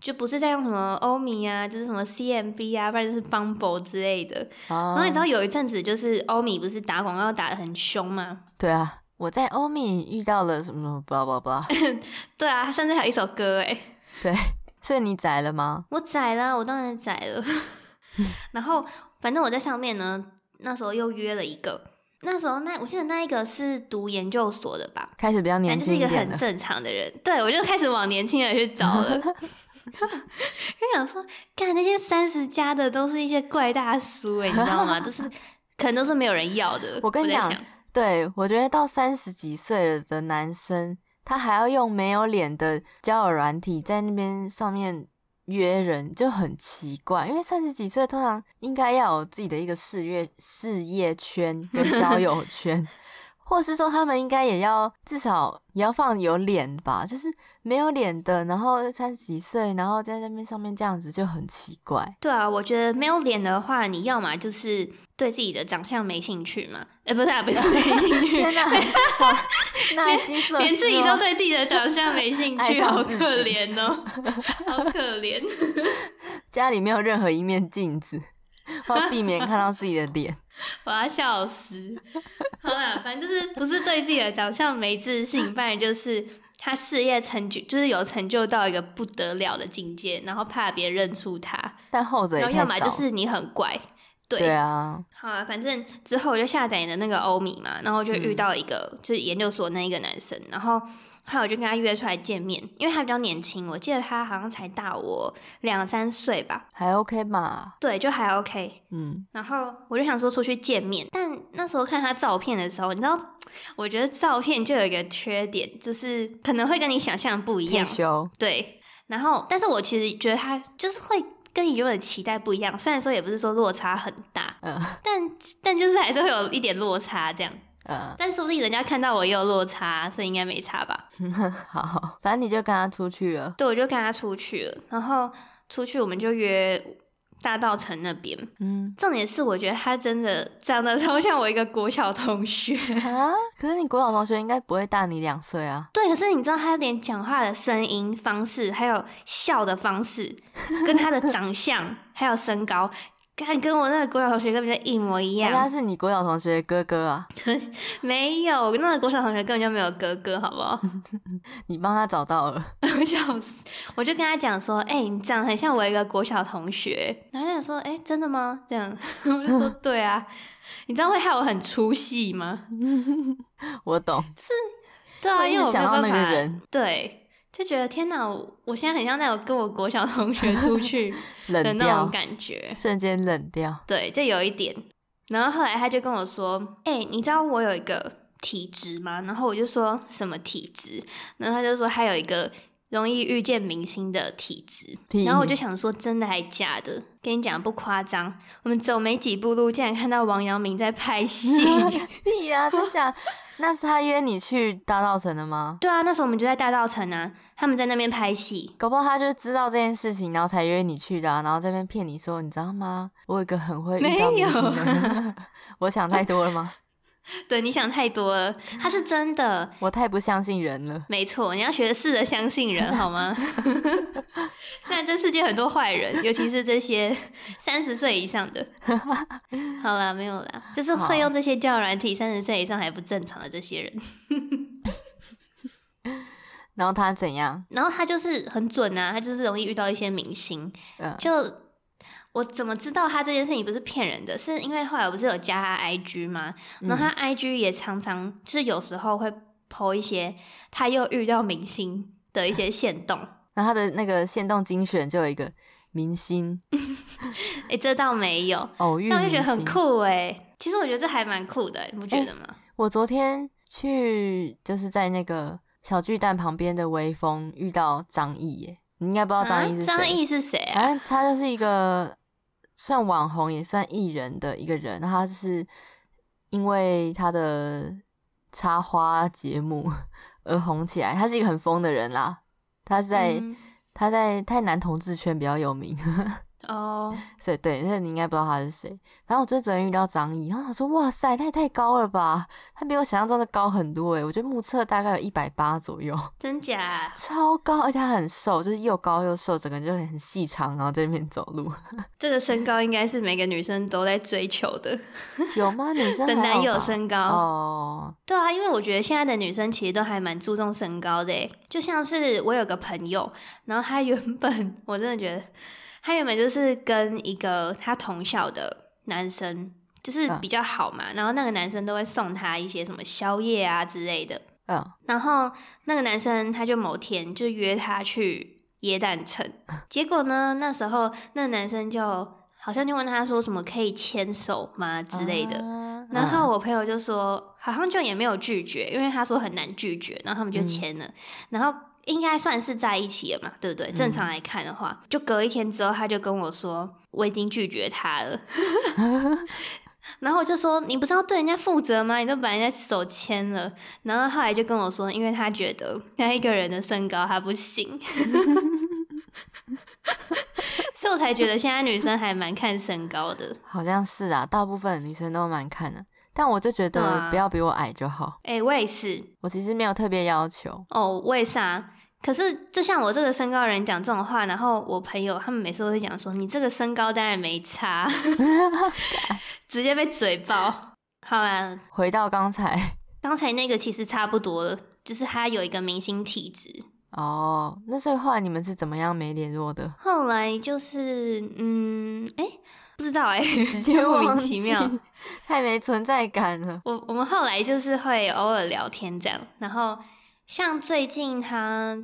就不是在用什麼歐米啊，就是什麼 CMB 啊，不然就是 Bumble 之類的。哦、然後你知道有一陣子就是歐米不是打廣告打得很凶嗎？對啊。我在歐米遇到了什麼什麼 blah blah blah，對啊，上次還有一首歌哎，對，所以你宰了嗎？我宰了，我當然宰了。 然後反正我在上面呢，那時候又約了一個，那時候那我記得那一個是讀研究所的吧，開始比較年輕，就是一個很正常的人，對我就開始往年輕人去找了， 因為想說，幹那些三十加的都是一些怪大叔哎，你知道嗎？都、 就是可能都是沒有人要的，我跟你講。對，我覺得到三十幾歲了的男生，他還要用沒有臉的交友軟體在那邊上面約人，就很奇怪。因為三十幾歲通常應該要有自己的一個事業、事業圈跟交友圈， 或是說他們應該也要至少也要放有臉吧？就是沒有臉的，然後三十幾歲，然後在那邊上面這樣子就很奇怪。對啊，我覺得沒有臉的話，你要嘛就是對自己的長相沒興趣嘛。哎、欸啊，不是，不 是沒興趣。天、欸、哪、欸，連自己都對自己的長相沒興趣，好可憐哦，好可憐。家裡沒有任何一面鏡子，我要避免看到自己的臉。 我要笑死。好啦、啊、反正就是不是對自己的長相沒自信，反正就是他事業成就就是有成就到一個不得了的境界，然後怕別人認出他。但後者也太少。然後要麼就是你很怪。對，對啊，好啊，反正之後我就下載了那個歐米嘛，然後就遇到一個、嗯、就是研究所的那一個男生，然後後來我就跟他約出來見面，因為他比較年輕，我記得他好像才大我兩三歲吧，還 OK 嘛？對，就還 OK。嗯，然後我就想說出去見面，但那時候看他照片的時候，你知道，我覺得照片就有一個缺點，就是可能會跟你想象不一樣。害羞。對，然後但是我其實覺得他就是會。跟以往的期待不一樣，雖然說也不是說落差很大，嗯，但但就是還是會有一點落差這樣，嗯，但說不定人家看到我也有落差，所以應該沒差吧，嗯。好，反正你就跟他出去了，對，我就跟他出去了，然後出去我們就約。大道城那邊，嗯，重點是我覺得他真的長得超像我一個國小同學啊！可是你國小同學應該不會大你兩歲啊？對，可是你知道他有點講話的聲音方式，還有笑的方式，跟他的長相 還有身高。跟跟我那個國小同學根本就一模一樣，他是你國小同學的哥哥啊？ 沒有，那個國小同學根本就沒有哥哥，好不好？ 你幫他找到了，笑死！我就跟他講說，哎、欸，你長得很像我一個國小同學，然後他就說，哎、欸，真的嗎？這樣 我就說，對啊，你知道會害我很出戲嗎？ 我懂， 是，對啊，因為想到那個人， 對。就覺得天哪，我現在很像那種跟我國小同學出去冷的那種感覺， 瞬間冷掉。對，這有一點。然後後來他就跟我說：“哎、欸，你知道我有一個體質嗎？”然後我就說什麼體質？然後他就說他有一個容易遇見明星的體質。然後我就想說，真的還是假的？跟你講不誇張，我們走沒幾步路，竟然看到王陽明在拍戲。是 啊，真假那是他約你去大稻埕的嗎？對啊，那時候我們就在大稻埕啊，他們在那邊拍戲。搞不好他就知道這件事情，然後才約你去的，啊，然後這邊騙你說，你知道嗎？我有一個很會遇到明星的人。 我想太多了嗎？ 對，你想太多了，他是真的。我太不相信人了。沒錯，你要學試着相信人，好嗎？ 雖然這世界很多壞人，尤其是這些三十歲以上的。好啦，沒有啦，就是會用這些交友軟體，三十歲以上還不正常的這些人。然後他怎樣？然後他就是很準啊，他就是容易遇到一些明星，嗯、就。我怎麼知道他這件事情不是騙人的？是因為後來我不是有加他 IG 嗎？然後他 IG 也常常就是有時候會 PO 一些他又遇到明星的一些限動。然、嗯、他的那個限動精選就有一個明星，哎、 欸，這倒沒有。偶遇，但我就覺得很酷哎、欸，其實我覺得這還蠻酷的、欸，你不覺得嗎、欸？我昨天去就是在那個小巨蛋旁邊的微風遇到張毅耶，你應該不知道張毅是誰。張、啊、毅是誰、啊？反、啊、他就是一個。算網紅也算藝人的一個人，他是因為他的插花節目而紅起來。他是一個很瘋的人啦，他在、嗯、他在台南同志圈比較有名。 哦、oh.，對對，那你應該不知道他是誰。反正我昨天遇到張毅，然後他說：“哇塞，他也太高了吧！他比我想象中的高很多。”哎，我覺得目測大概有一百八左右，真假？超高，而且他很瘦，就是又高又瘦，整個人就很細長，然後在那邊走路。這個身高應該是每個女生都在追求的， 有嗎？女生的男友身高哦？Oh. 對啊，因為我覺得現在的女生其實都還蠻注重身高的，就像是我有個朋友，然後他原本我真的覺得。他原本就是跟一個他同校的男生，就是比較好嘛。嗯、然後那個男生都會送他一些什麼宵夜啊之類的。嗯、然後那個男生他就某天就約他去耶誕城，結果呢，那時候那個男生就好像就問他說：“什麼可以牽手嗎？”之類的、啊。然後我朋友就說、嗯，好像就也沒有拒絕，因為他說很難拒絕，然後他們就牽了。嗯、然後。應該算是在一起了嘛，對不對、嗯？正常來看的話，就隔一天之後，他就跟我說，我已經拒絕他了。 然後我就說，你不是要對人家負責嗎？你都把人家手牽了。然後後來就跟我說，因為他覺得那一個人的身高他不行， 所以我才覺得現在女生還蠻看身高的。好像是啊，大部分女生都蠻看的。但我就覺得不要比我矮就好。哎、啊欸，我也是。我其實沒有特別要求哦。為、oh, 啥、啊？可是就像我這個身高人講這種話，然後我朋友他們每次都會講說：“你這個身高當然沒差。 ”直接被嘴爆。好啦、啊，回到剛才，剛才那個其實差不多了，就是他有一個明星體質。哦、oh,，那所以後來你們是怎麼樣沒聯絡的？後來就是，嗯，哎、欸。不知道哎、欸，直接莫名其妙，太沒存在感了。我我們後來就是會偶爾聊天這樣，然後像最近他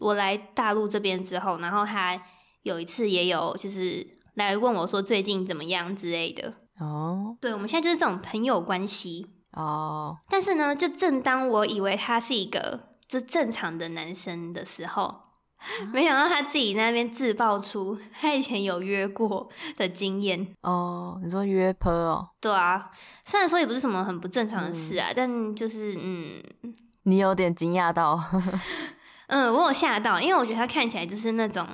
我來大陸這邊之後，然後他有一次也有就是來問我說最近怎麼樣之類的哦。Oh. 對，我們現在就是這種朋友關係哦。Oh. 但是呢，就正當我以為他是一個就正常的男生的時候。沒想到他自己在那邊自曝出他以前有約過的經驗哦。你說約炮哦？對啊，雖然說也不是什麼很不正常的事啊，嗯、但就是嗯，你有點驚訝到， 嗯，我有嚇到，因為我覺得他看起來就是那種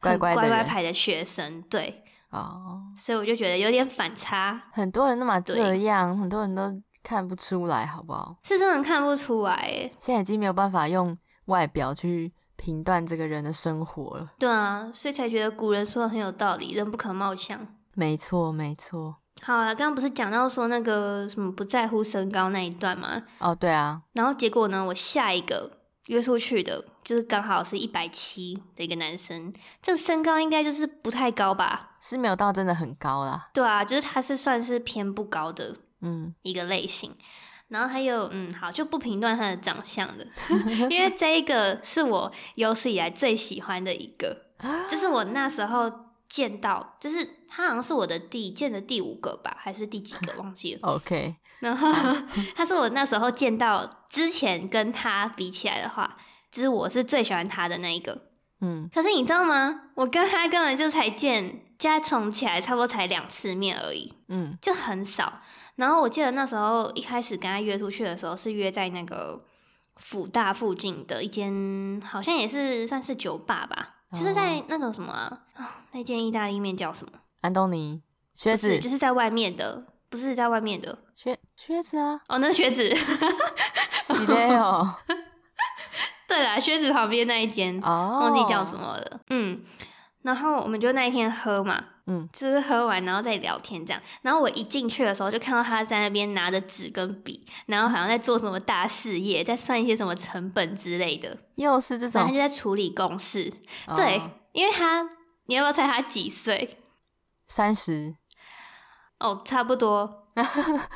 很乖乖牌的學生，對哦，所以我就覺得有點反差。很多人那麼這樣，對很多人都看不出來，好不好？是真的看不出來，現在已經沒有辦法用外表去。評斷這個人的生活了，對啊，所以才覺得古人說的很有道理，人不可貌相。沒錯，沒錯。好啊，剛剛不是講到說那個什麼不在乎身高那一段嗎？哦，對啊。然後結果呢，我下一個約出去的就是剛好是一百七的一個男生，這個身高應該就是不太高吧？是沒有到真的很高啦。對啊，就是他是算是偏不高的，嗯，一個類型。嗯然後還有，嗯，好，就不評斷他的長相了， 因為這一個是我有史以來最喜歡的一個，就是我那時候見到，就是他好像是我的第見的第五個吧，還是第幾個忘記了 ？OK，然後他說我那時候見到之前跟他比起來的話，就是我是最喜歡他的那一個，嗯。可是你知道嗎？我跟他根本就才見加總起來，差不多才兩次面而已，嗯，就很少。然後我記得那時候一開始跟他約出去的時候，是約在那個輔大附近的一間，好像也是算是酒吧吧，哦、就是在那個什麼啊、哦、那間意大利麵叫什麼？安東尼靴子？就是在外面的，不是在外面的靴靴子啊？哦，那是靴子，對 的哦，了， 靴子旁邊那一間，忘記叫什麼了，哦、嗯。然後我們就那一天喝嘛，嗯，就是喝完然後再聊天這樣。然後我一進去的時候，就看到他在那邊拿着紙跟筆，然後好像在做什麼大事業，在算一些什麼成本之類的。又是這種。然後他就在處理公事。哦，對，因為他，你要不要猜他幾歲？三十。哦，差不多，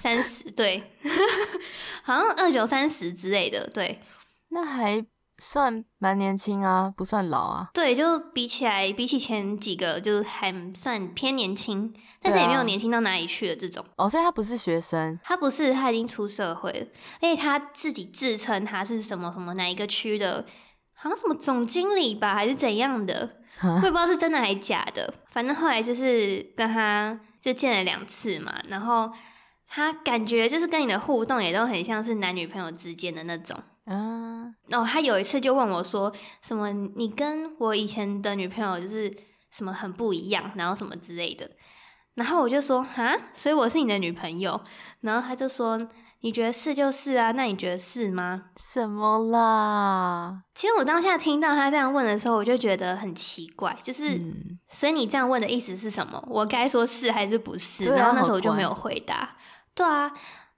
三 十對， 好像二九三十之類的，對，那還。算蠻年輕啊，不算老啊。對，就比起來，比起前幾個，就是還算偏年輕，但是也沒有年輕到哪裡去的這種，啊。哦，所以他不是學生，他不是，他已經出社會了，而且他自己自稱他是什麼什麼哪一個區的，好像什麼總經理吧，還是怎樣的，會不知道是真的還是假的。反正後來就是跟他就見了兩次嘛，然後他感覺就是跟你的互動也都很像是男女朋友之間的那種。嗯、uh, 哦，然後他有一次就問我說：“什麼？你跟我以前的女朋友就是什麼很不一樣，然後什麼之類的。”然後我就說：“哈，所以我是你的女朋友。”然後他就說：“你覺得是就是啊，那你覺得是嗎？”什麼啦？其實我當下聽到他這樣問的時候，我就覺得很奇怪，就是、嗯、所以你這樣問的意思是什麼？我該說是還是不是、啊？然後那時候我就沒有回答。對啊。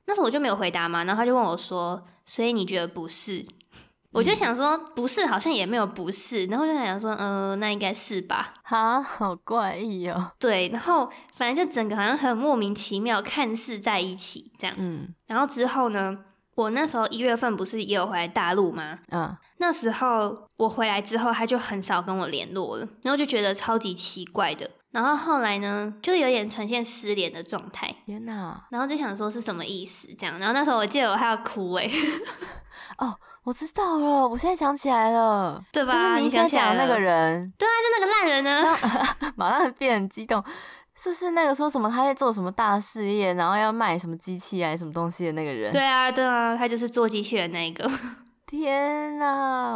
那時候我就沒有回答嘛，然後他就問我說：“所以你覺得不是？”嗯、我就想說：“不是，好像也沒有不是。”然後就想說：“嗯、呃、那應該是吧。”好，好怪異哦。對，然後反正就整個好像很莫名其妙，看似在一起這樣。嗯。然後之後呢？我那時候一月份不是也有回來大陸嗎？嗯。那時候我回來之後，他就很少跟我聯絡了，然後就覺得超級奇怪的。然後後來呢，就有點呈現失聯的狀態。天哪。然後就想說是什麼意思這樣。然後那時候我記得我還要哭哎。哦，我知道了，我現在想起來了，對吧？就是你在你講那個人，對啊，就那個爛人呢、啊。馬上變很激動，是不是那個說什麼他在做什麼大事業，然後要賣什麼機器啊，什麼東西的那個人？對啊，對啊，他就是做機器人那一個。天吶，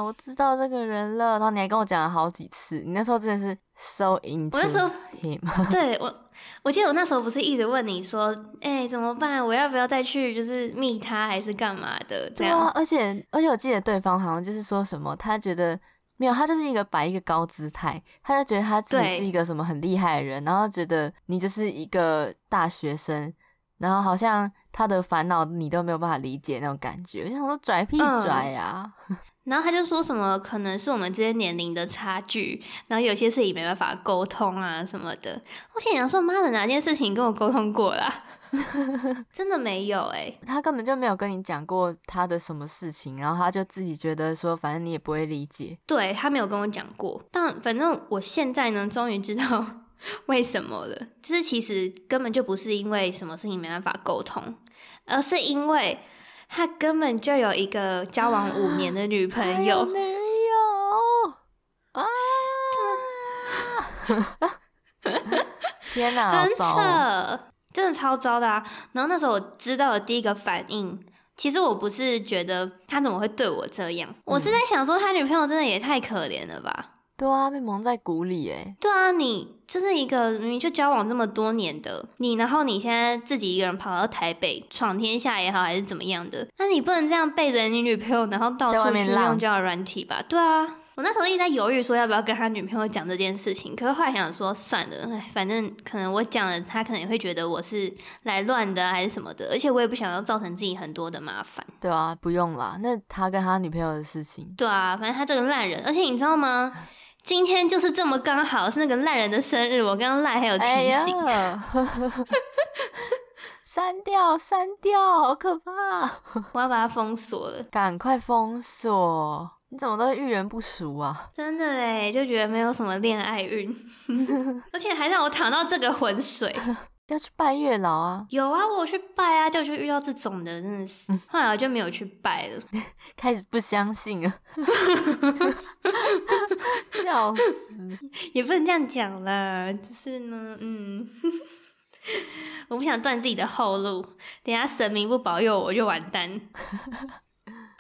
我知道這個人了。然後你還跟我講了好幾次，你那時候真的是 so into him。對我，我記得我那時候不是一直問你說，哎、欸，怎麼辦？我要不要再去就是密他，還是幹嘛的？對啊，而且而且我記得對方好像就是說什麼，他覺得沒有，他就是一個擺一個高姿態，他就覺得他自己是一個什麼很厲害的人，然後覺得你就是一個大學生，然後好像。他的煩惱你都沒有辦法理解那種感覺，我想說拽屁拽啊，嗯。然後他就說什麼可能是我們之間年齡的差距，然後有些事也沒辦法溝通啊什麼的。我心想說媽的哪件事情跟我溝通過啦？ 真的沒有哎，欸，他根本就沒有跟你講過他的什麼事情，然後他就自己覺得說反正你也不會理解。對，他沒有跟我講過，但反正我現在呢，終於知道為什麼了？就是其實根本就不是因為什麼事情沒辦法溝通，而是因為他根本就有一個交往五年的女朋友。啊、沒有啊！ 啊 天哪、哦，很扯，真的超糟的啊！然後那時候我知道了第一個反應，其實我不是覺得他怎麼會對我這樣，我是在想說他女朋友真的也太可憐了吧。嗯對啊，被蒙在鼓裡哎。對啊，你就是一個明明就交往這麼多年的你，然後你現在自己一個人跑到台北闖天下也好，還是怎麼樣的，那你不能這樣背着你女朋友，然後到處去用交友軟體吧？對啊，我那時候一直在猶豫說要不要跟他女朋友講這件事情，可是後來想說算了，哎，反正可能我講了，他可能也會覺得我是來亂的還是什麼的，而且我也不想要造成自己很多的麻煩。對啊，不用啦，那他跟他女朋友的事情，對啊，反正他這個爛人，而且你知道嗎？ 今天就是這麼剛好是那個爛人的生日，我剛剛賴還有提醒，刪、哎、 掉刪掉，好可怕， 我要把它封鎖了，趕快封鎖！你怎麼都是遇人不淑啊？真的嘞，就覺得沒有什麼戀愛運， 而且還讓我躺到這個渾水。要去拜月老啊？有啊，我去拜啊，就是遇到這種的，真的是、嗯、後來我就沒有去拜了， 開始不相信啊。笑 死，也不能這樣講啦，就是呢，嗯， 我不想斷自己的後路，等一下神明不保佑我就完蛋。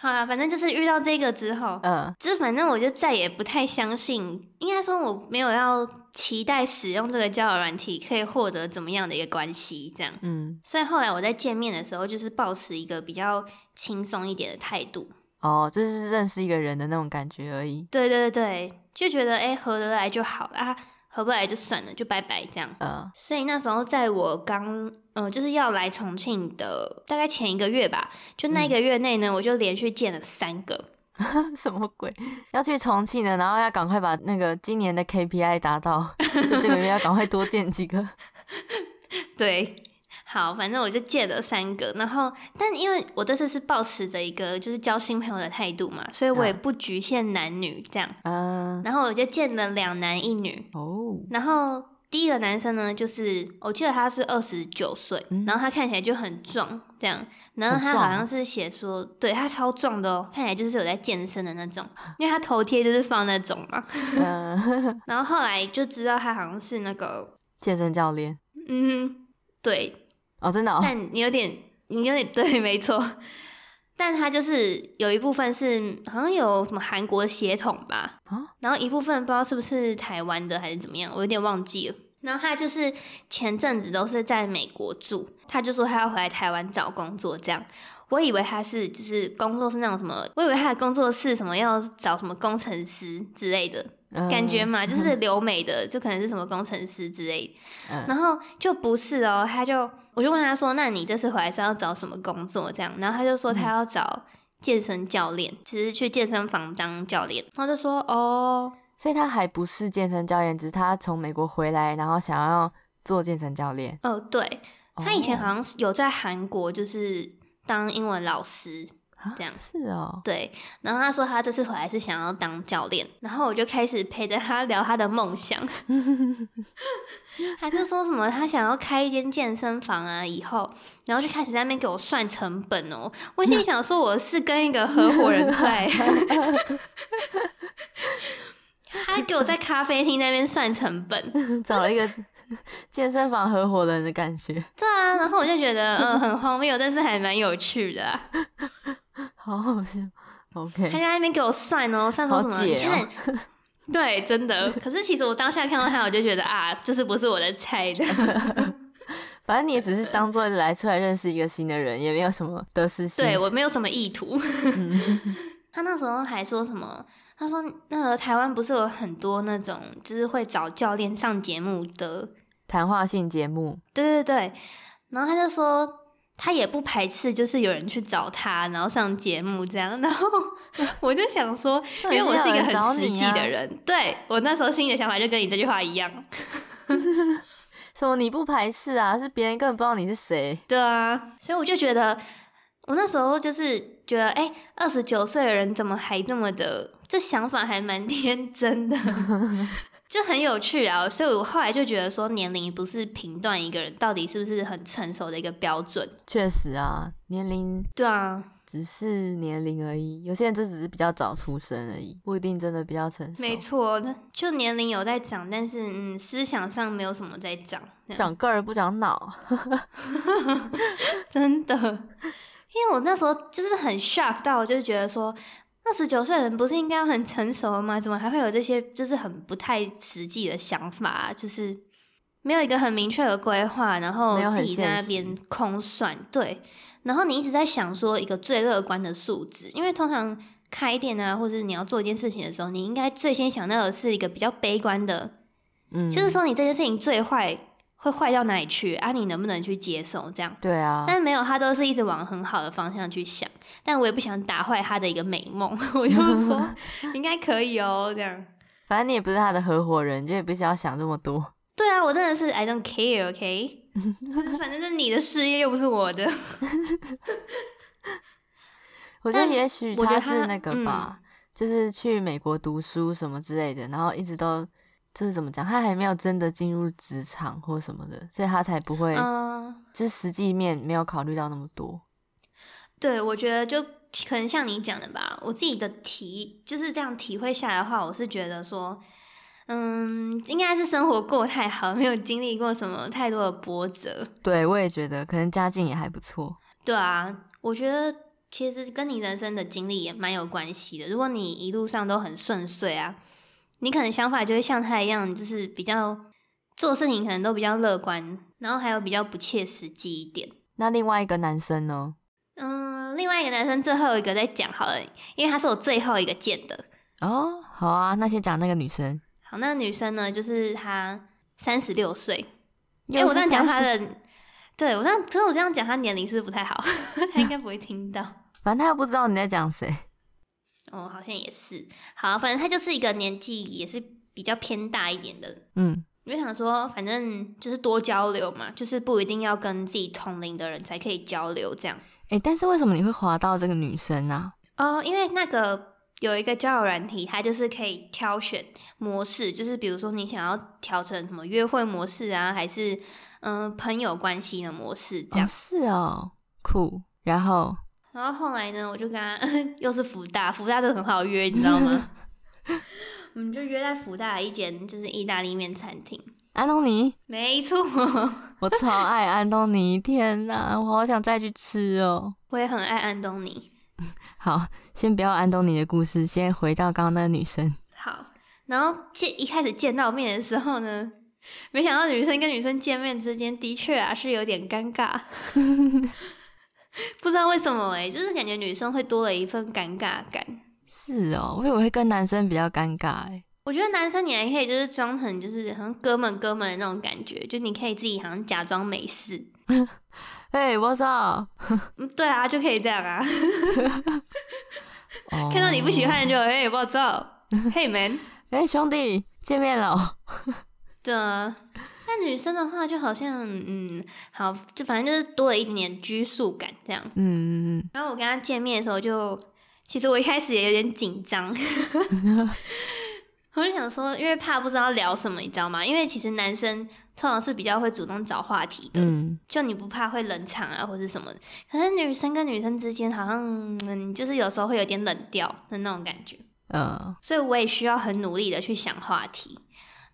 好啦，反正就是遇到這個之後，嗯，就反正我就再也不太相信，應該說我沒有要期待使用這個交友軟體可以獲得怎麼樣的一個關係，這樣，嗯，所以後來我在見面的時候就是抱持一個比較輕鬆一點的態度，哦，就是認識一個人的那種感覺而已，對對對，就覺得誒、欸、合得來就好了啊。合不來就算了，就拜拜這樣。Uh. 所以那時候在我剛，呃，就是要來重慶的大概前一個月吧，就那一個月內呢，嗯，我就連續見了三個。 什麼鬼？要去重慶呢，然後要趕快把那個今年的 KPI 達到，就 這個月要趕快多見幾個。 對。好，反正我就見了三個，然後但因為我這次是抱持着一個就是交新朋友的態度嘛，所以我也不局限男女這樣啊。Uh, uh, 然後我就見了兩男一女哦。Oh. 然後第一個男生呢，就是我記得他是二十九歲，然後他看起來就很壯這樣，然後他好像是寫說，啊、對他超壯的哦、喔，看起來就是有在健身的那種，因為他頭貼就是放那種嘛。 uh, 然後後來就知道他好像是那個健身教練，嗯，對。哦，真的哦。但你有點，你有點對，沒錯。但他就是有一部分是好像有什麼韓國血統吧、哦，然後一部分不知道是不是台灣的還是怎麼樣，我有點忘記了。然後他就是前陣子都是在美國住，他就說他要回來台灣找工作這樣。我以為他是就是工作是那種什麼，我以為他的工作是什麼要找什麼工程師之類的，嗯、感覺嘛，就是留美的、嗯、就可能是什麼工程師之類的、嗯。然後就不是哦、喔，他就。我就問他說：“那你這次回來是要找什麼工作？”這樣，然後他就說他要找健身教練，其實，嗯，就是去健身房當教練。然後就說：“哦，所以他還不是健身教練，只是他從美國回來，然後想要做健身教練。”哦，對，他以前好像是有在韓國就是當英文老師。哦，就是這樣、啊、是哦，對。然後他說他這次回來是想要當教練，然後我就開始陪着他聊他的夢想， 還他在說什麼，他想要開一間健身房啊，以後，然後就開始在那邊給我算成本哦、喔。我心裡想說，我是跟一個合夥人算， 他給我在咖啡廳那邊算成本，找一個健身房合夥人的感覺。對啊，然後我就覺得嗯、呃、很荒謬，但是還蠻有趣的、啊。好好笑，OK。他在那邊給我算哦，算什麼、啊你看，對，真的。可是其實我當下看到他，我就覺得啊，這是不是我的菜的 反正你也只是當做來出來認識一個新的人， 也沒有什麼得失心。對我沒有什麼意圖。 他那時候還說什麼？他說，那個台灣不是有很多那種，就是會找教練上節目的談話性節目。對對對。然後他就說。他也不排斥，就是有人去找他，然後上節目這樣。然後我就想說， 因為我是一個很實際的人，人啊，對我那時候心裡的想法就跟你這句話一樣。說 你不排斥啊？是別人根本不知道你是誰？對啊，所以我就覺得，我那時候就是覺得，哎，欸，二十九歲的人怎麼還這麼的？這想法還蠻天真的。 就很有趣啊，所以我後來就覺得說，年齡不是評斷一個人到底是不是很成熟的一個標準。確實啊，年齡對啊，只是年齡而已。有些人就只是比較早出生而已，不一定真的比較成熟。沒錯，就年齡有在長，但是嗯，思想上沒有什麼在長，長，對啊，個兒不長腦， 真的。因為我那時候就是很 shock 到，就是覺得說。二十九歲的人不是應該很成熟嗎？怎麼還會有這些就是很不太實際的想法啊？就是沒有一個很明確的規劃，然後自己在那邊空算。對，然後你一直在想說一個最樂觀的數值，因為通常開店啊，或者你要做一件事情的時候，你應該最先想到的是一個比較悲觀的，嗯，就是說你這件事情最壞會壞到哪裡去啊？你能不能去接受這樣？對啊，但沒有他都是一直往很好的方向去想。但我也不想打壞他的一個美夢，我就說應該可以哦、喔。 這樣，反正你也不是他的合夥人，就也不需要想這麼多。對啊，我真的是 I don't care，OK、okay? 反正是你的事業，又不是我的。 我覺得也許他是那個吧、嗯，就是去美國讀書什麼之類的，然後一直都。這、就是怎麼講？他還沒有真的進入職場或什麼的，所以他才不會，嗯、就是實際面沒有考慮到那麼多。對，我覺得就可能像你講的吧，我自己的體就是這樣體會下來的話，我是覺得說，嗯，應該是生活過太好，沒有經歷過什麼太多的波折。對，我也覺得可能家境也還不錯。對啊，我覺得其實跟你人生的經歷也蠻有關係的。如果你一路上都很順遂啊。你可能想法就會像他一樣，就是比較做事情可能都比較樂觀，然後還有比較不切實際一點。那另外一個男生呢？嗯，另外一個男生最後一個再講好了，因為他是我最後一個見的。哦，好啊，那先講那個女生。好，那個女生呢，就是她三十六歲。為 30...、欸、我這樣講她的，對我這樣，可是我這樣講她年齡是不是不太好？她 應該不會聽到，反正她又不知道你在講誰。哦，好像也是。好，反正他就是一個年紀也是比較偏大一點的，嗯，我就想說，反正就是多交流嘛，就是不一定要跟自己同齡的人才可以交流這樣。哎、欸，但是為什麼你會滑到這個女生呢？啊？哦、呃，因為那個有一個交友軟體，它就是可以挑選模式，就是比如說你想要調成什麼約會模式啊，還是嗯、呃、朋友關係的模式這樣。哦。是哦，酷。然後。然後後來呢，我就跟他又是福大，福大就很好約，你知道嗎？ 我們就約在福大的一間就是意大利麵餐廳，安東尼，沒錯、喔， 我超愛安東尼，天吶，我好想再去吃哦、喔。我也很愛安東尼。好，先不要安東尼的故事，先回到剛剛那個女生。好，然後見一開始見到面的時候呢，沒想到女生跟女生見面之間的確啊是有點尷尬。 不知道為什麼哎、欸，就是感覺女生會多了一份尷尬感。是哦、喔，我以為會跟男生比較尷尬哎、欸。我覺得男生你還可以，就是裝很，就是好像哥們哥們的那種感覺，就你可以自己好像假裝沒事。嘿 Hey, what's up？、嗯、對啊，就可以這樣啊。 oh, 看到你不喜歡就、oh. 嘿 Hey, what's up?、hey, man，哎、欸，兄弟，見面了。 對啊。但女生的話就好像，嗯，好，就反正就是多了一點點拘束感這樣。嗯嗯嗯。然後我跟她見面的時候就，就其實我一開始也有點緊張、 嗯，我就想說，因為怕不知道聊什麼，你知道嗎？因為其實男生通常是比較會主動找話題的，嗯、就你不怕會冷場啊或者什麼的。可是女生跟女生之間好像，嗯，就是有時候會有點冷掉的那種感覺。嗯。所以我也需要很努力的去想話題。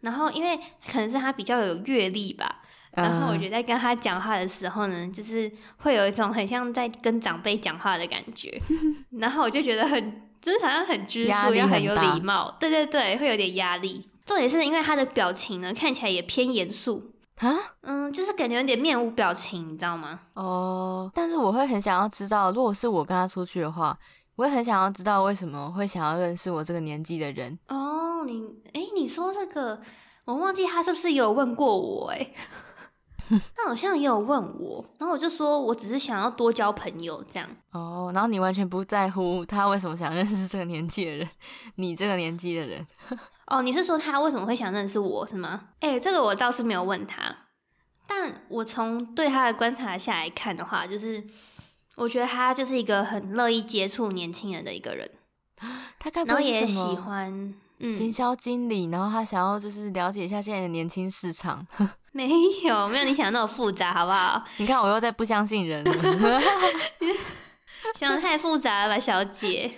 然後，因為可能是他比較有閱歷吧、嗯，然後我覺得在跟他講話的時候呢，就是會有一種很像在跟長輩講話的感覺， 然後我就覺得很，就是好像很拘束，要很,很有禮貌，對對對，會有點壓力。重點是因為他的表情呢，看起來也偏嚴肅、啊、嗯，就是感覺有點面無表情，你知道嗎？哦，但是我會很想要知道，如果是我跟他出去的話，我會很想要知道為什麼會想要認識我這個年紀的人哦，你哎。你說這個，我忘記他是不是有問過我哎、欸，那好像也有問我，然後我就說我只是想要多交朋友這樣。哦，然後你完全不在乎他為什麼想認識這個年紀的人，你這個年紀的人。哦，你是說他為什麼會想認識我，是嗎？哎、欸，這個我倒是沒有問他，但我從對他的觀察下來看的話，就是我覺得他就是一個很樂意接觸年輕人的一個人，他然後也喜歡。嗯、行銷經理，然後他想要就是了解一下現在的年輕市場， 沒有沒有你想的那麼複雜，好不好？ 你看我又在不相信人， 想的太複雜了吧，小姐。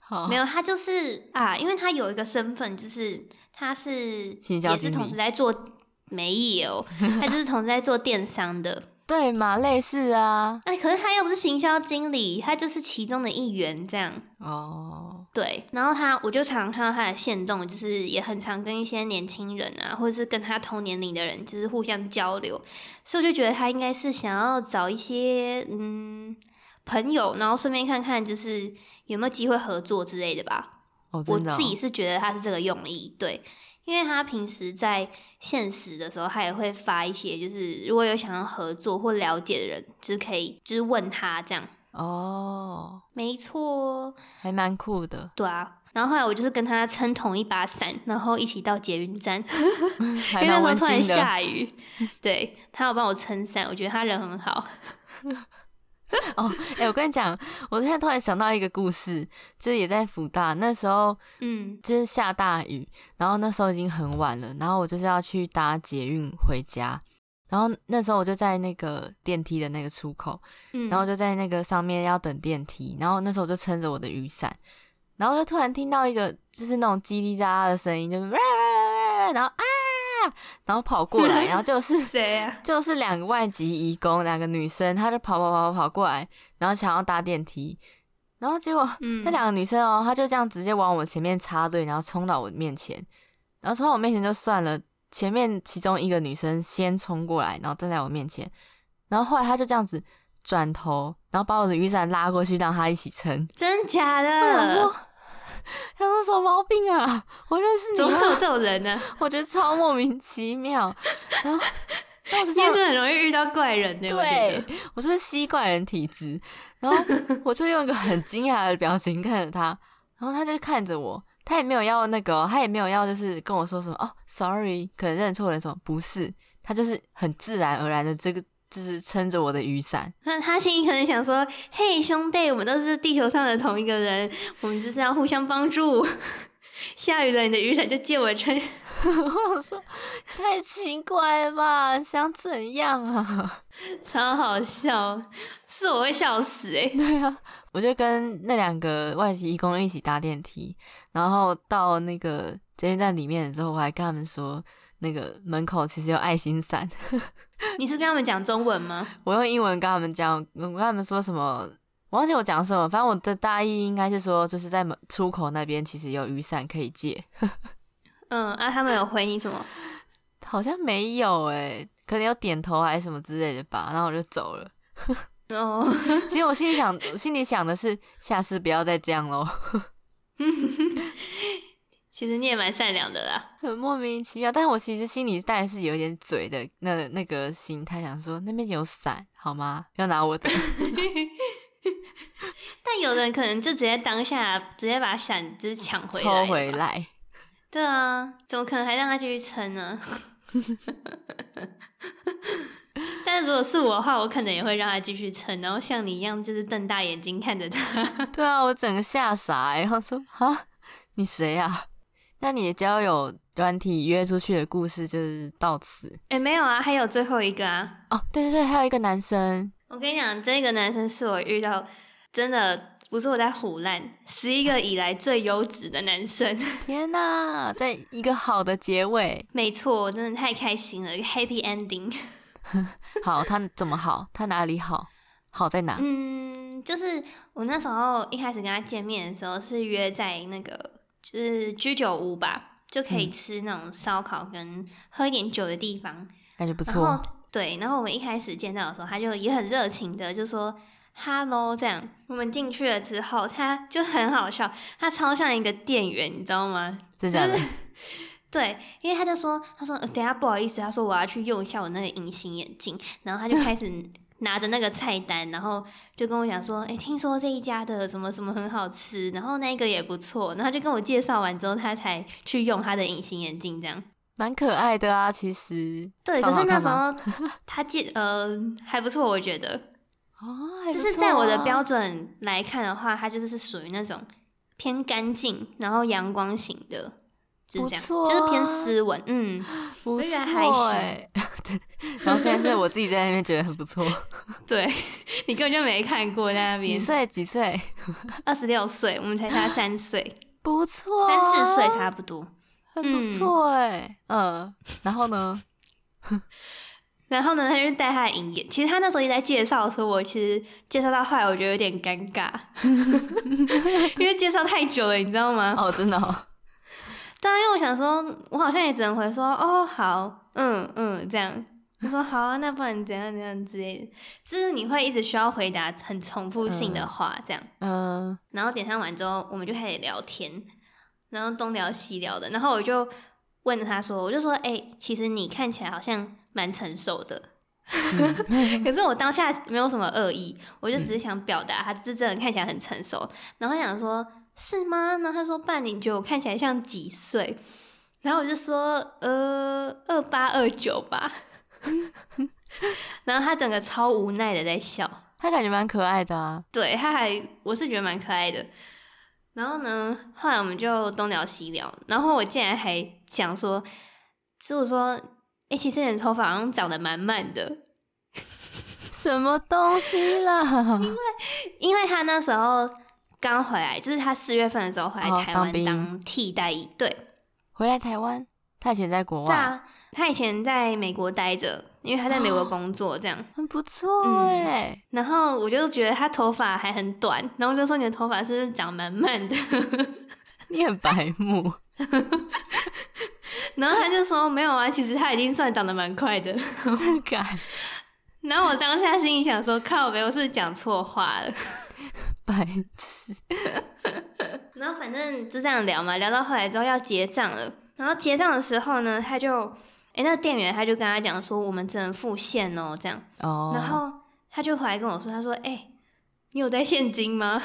好。沒有他就是啊，因為他有一個身份，就是他是也是同時在做行銷經理。沒有，他就是同時在做電商的， 對嘛。類似啊，哎、欸，可是他又不是行銷經理，他就是其中的一員這樣哦。對，然後他，我就常看到他的限動，就是也很常跟一些年輕人啊，或者是跟他同年齡的人，就是互相交流。所以我就覺得他應該是想要找一些嗯朋友，然後順便看看就是有沒有機會合作之類的吧。我、哦哦、我自己是覺得他是這個用意，對，因為他平時在現實的時候，他也會發一些，就是如果有想要合作或了解的人，就是可以，就是問他這樣。哦、oh，沒錯，還蠻酷的。對啊，然後後來我就是跟他撐同一把傘，然後一起到捷運站， 因為那時候突然下雨，對，他有幫我撐傘，我覺得他人很好。 哦，哎、欸，我跟你講，我現在突然想到一個故事，就是也在輔大那時候，嗯，就是下大雨，然後那時候已經很晚了，然後我就是要去搭捷運回家。然後那時候我就在那個電梯的那個出口，嗯，然後就在那個上面要等電梯。然後那時候我就撐着我的雨傘，然後就突然聽到一個就是那種嘰嘰喳喳的聲音，就哇哇哇哇然後啊，然後跑過來， 然後就是誰、啊？就是兩個外籍移工，兩個女生，她就跑跑跑跑過來，然後想要搭電梯，然後結果、嗯、那兩個女生哦，她就這樣直接往我前面插隊，然後衝到我面前，然後衝到我面前，我面前就算了。前面其中一個女生先衝過來，然後站在我面前，然後後來她就這樣子轉頭，然後把我的雨傘拉過去，讓她一起撐。真假的？我想說，想說什麼毛病啊？我認識你、啊、怎麼有這種人呢、啊？我覺得超莫名其妙。然後，但是真的是很容易遇到怪人。對,不對，我就是吸怪人體質。然後我就用一個很驚訝的表情看着他，然後他就看着我。他也沒有要那個、喔，他也沒有要，就是跟我說什麼哦，sorry，可能認錯人什麼，不是，他就是很自然而然的這個，就是撐着、就是、我的雨傘。那他心裡可能想說，嘿，兄弟，我們都是地球上的同一個人，我們就是要互相幫助。 下雨了，你的雨傘就借我撐。 我說太奇怪了吧，想怎樣啊？超好笑，是我會笑死哎、欸。對啊，我就跟那兩個外籍義工一起搭電梯，然後到那個檢疫站裡面之後，我還跟他們說，那個門口其實有愛心傘。 你是跟他們講中文嗎？我用英文跟他們講，我跟他們說什麼？我忘記我講什麼，反正我的大意應該是說，就是在門出口那邊其實有雨傘可以借。 嗯，啊，他們有回你什麼？好像沒有誒、欸，可能有點頭還是什麼之類的吧。然後我就走了。哦， 其實我心裡想，我 心裡想的是，下次不要再這樣嘍。 其實你也蠻善良的啦，很莫名其妙。但是我其實心裡當然是有點嘴的，那那個心他想說，那邊有傘好嗎？要拿我的。 但有人可能就直接當下，直接把傘就是搶回來，抽回來。對啊，怎麼可能還讓他繼續撐呢？但如果是我的話，我可能也會讓他繼續撐，然後像你一樣，就是瞪大眼睛看着他。對啊，我整個嚇傻，然後說：“哈，你誰呀？”那你的交友軟體約出去的故事就是到此。哎，沒有啊，還有最後一個啊。哦，對對對，還有一個男生。我跟你講，這個男生是我遇到真的不是我在唬爛，十一個以來最優質的男生。天哪、啊，在一個好的結尾， 沒錯，真的太開心了，Happy Ending。 好，他怎麼好？他哪裡好？好在哪？嗯，就是我那時候一開始跟他見面的時候，是約在那個就是居酒屋吧，就可以吃那種燒烤跟喝一點酒的地方，感覺不錯。對，然後我們一開始見到的時候，他就也很熱情的，就說 hello 這樣。我們進去了之後，他就很好笑，他超像一個店員，你知道嗎？真的假的？ 對，因為他就說，他說、呃、等下不好意思，他說我要去用一下我那個隱形眼鏡，然後他就開始拿着那個菜單， 然後就跟我講說，誒、欸，聽說這一家的什麼什麼很好吃，然後那個也不錯，然後他就跟我介紹完之後，他才去用他的隱形眼鏡這樣。蠻可愛的啊，其實。對，可是那時候他記呃還不錯，我覺得。哦，還不錯啊，就是在我的標準來看的話，他就是屬於那種偏乾淨，然後陽光型的，就是這樣，啊，就是偏斯文，嗯，不錯、欸。對，然後現在是我自己在那邊覺得很不錯。 對，你根本就沒看過在那邊。幾歲？幾歲？二十六歲，我們才差三歲。不錯，啊。三四歲差不多。很不錯誒、欸、嗯，嗯，然後呢？ 然後呢？他就帶他的營業。其實他那時候一直在介紹的時候，我其實介紹到後來，我覺得有點尷尬， 因為介紹太久了，你知道嗎？哦，真的。哦。但因為我想說，我好像也只能回說哦好，嗯嗯，這樣。他說好啊，那不然怎樣怎樣之類的，就是，是你會一直需要回答很重複性的話、嗯，這樣。嗯。然後點上完之後，我們就開始聊天。然後東聊西聊的，然後我就問了他說：“我就說，誒、欸、其實你看起來好像蠻成熟的， 可是我當下沒有什麼惡意，我就只是想表達他是真的看起來很成熟，嗯、然後想說是嗎？然後他說：半零就我看起來像幾歲？然後我就說：呃，二八二九吧。 然後他整個超無奈的在笑，他感覺蠻可愛的啊。對，他還我是覺得蠻可愛的。”然後呢？後來我們就東聊西聊，然後我竟然還講說，師傅說，哎、欸，其實你的頭髮好像長得蠻慢的， 什麼東西啦？ 因為因為他那時候剛回來，就是他四月份的時候回來台灣當替代役、哦、對，回來台灣。他以前在國外。對啊，他以前在美國待着，因為他在美國工作，這樣、哦、很不錯哎、欸嗯。然後我就覺得他頭髮還很短，然後我就說：“你的頭髮是不是長蠻慢的？”你很白目。 然後他就說：“沒有啊，其實他已經算長得蠻快的。”不敢。然後我當下心裡想說：“靠北，我是講錯話了。白”白痴。然後反正就這樣聊嘛，聊到後來之後要結賬了。然後結賬的時候呢，他就，誒、欸，那店員他就跟他講說，我們只能付現哦、喔，這樣。哦、oh.。然後他就回來跟我說，他說，誒、欸，你有帶現金嗎？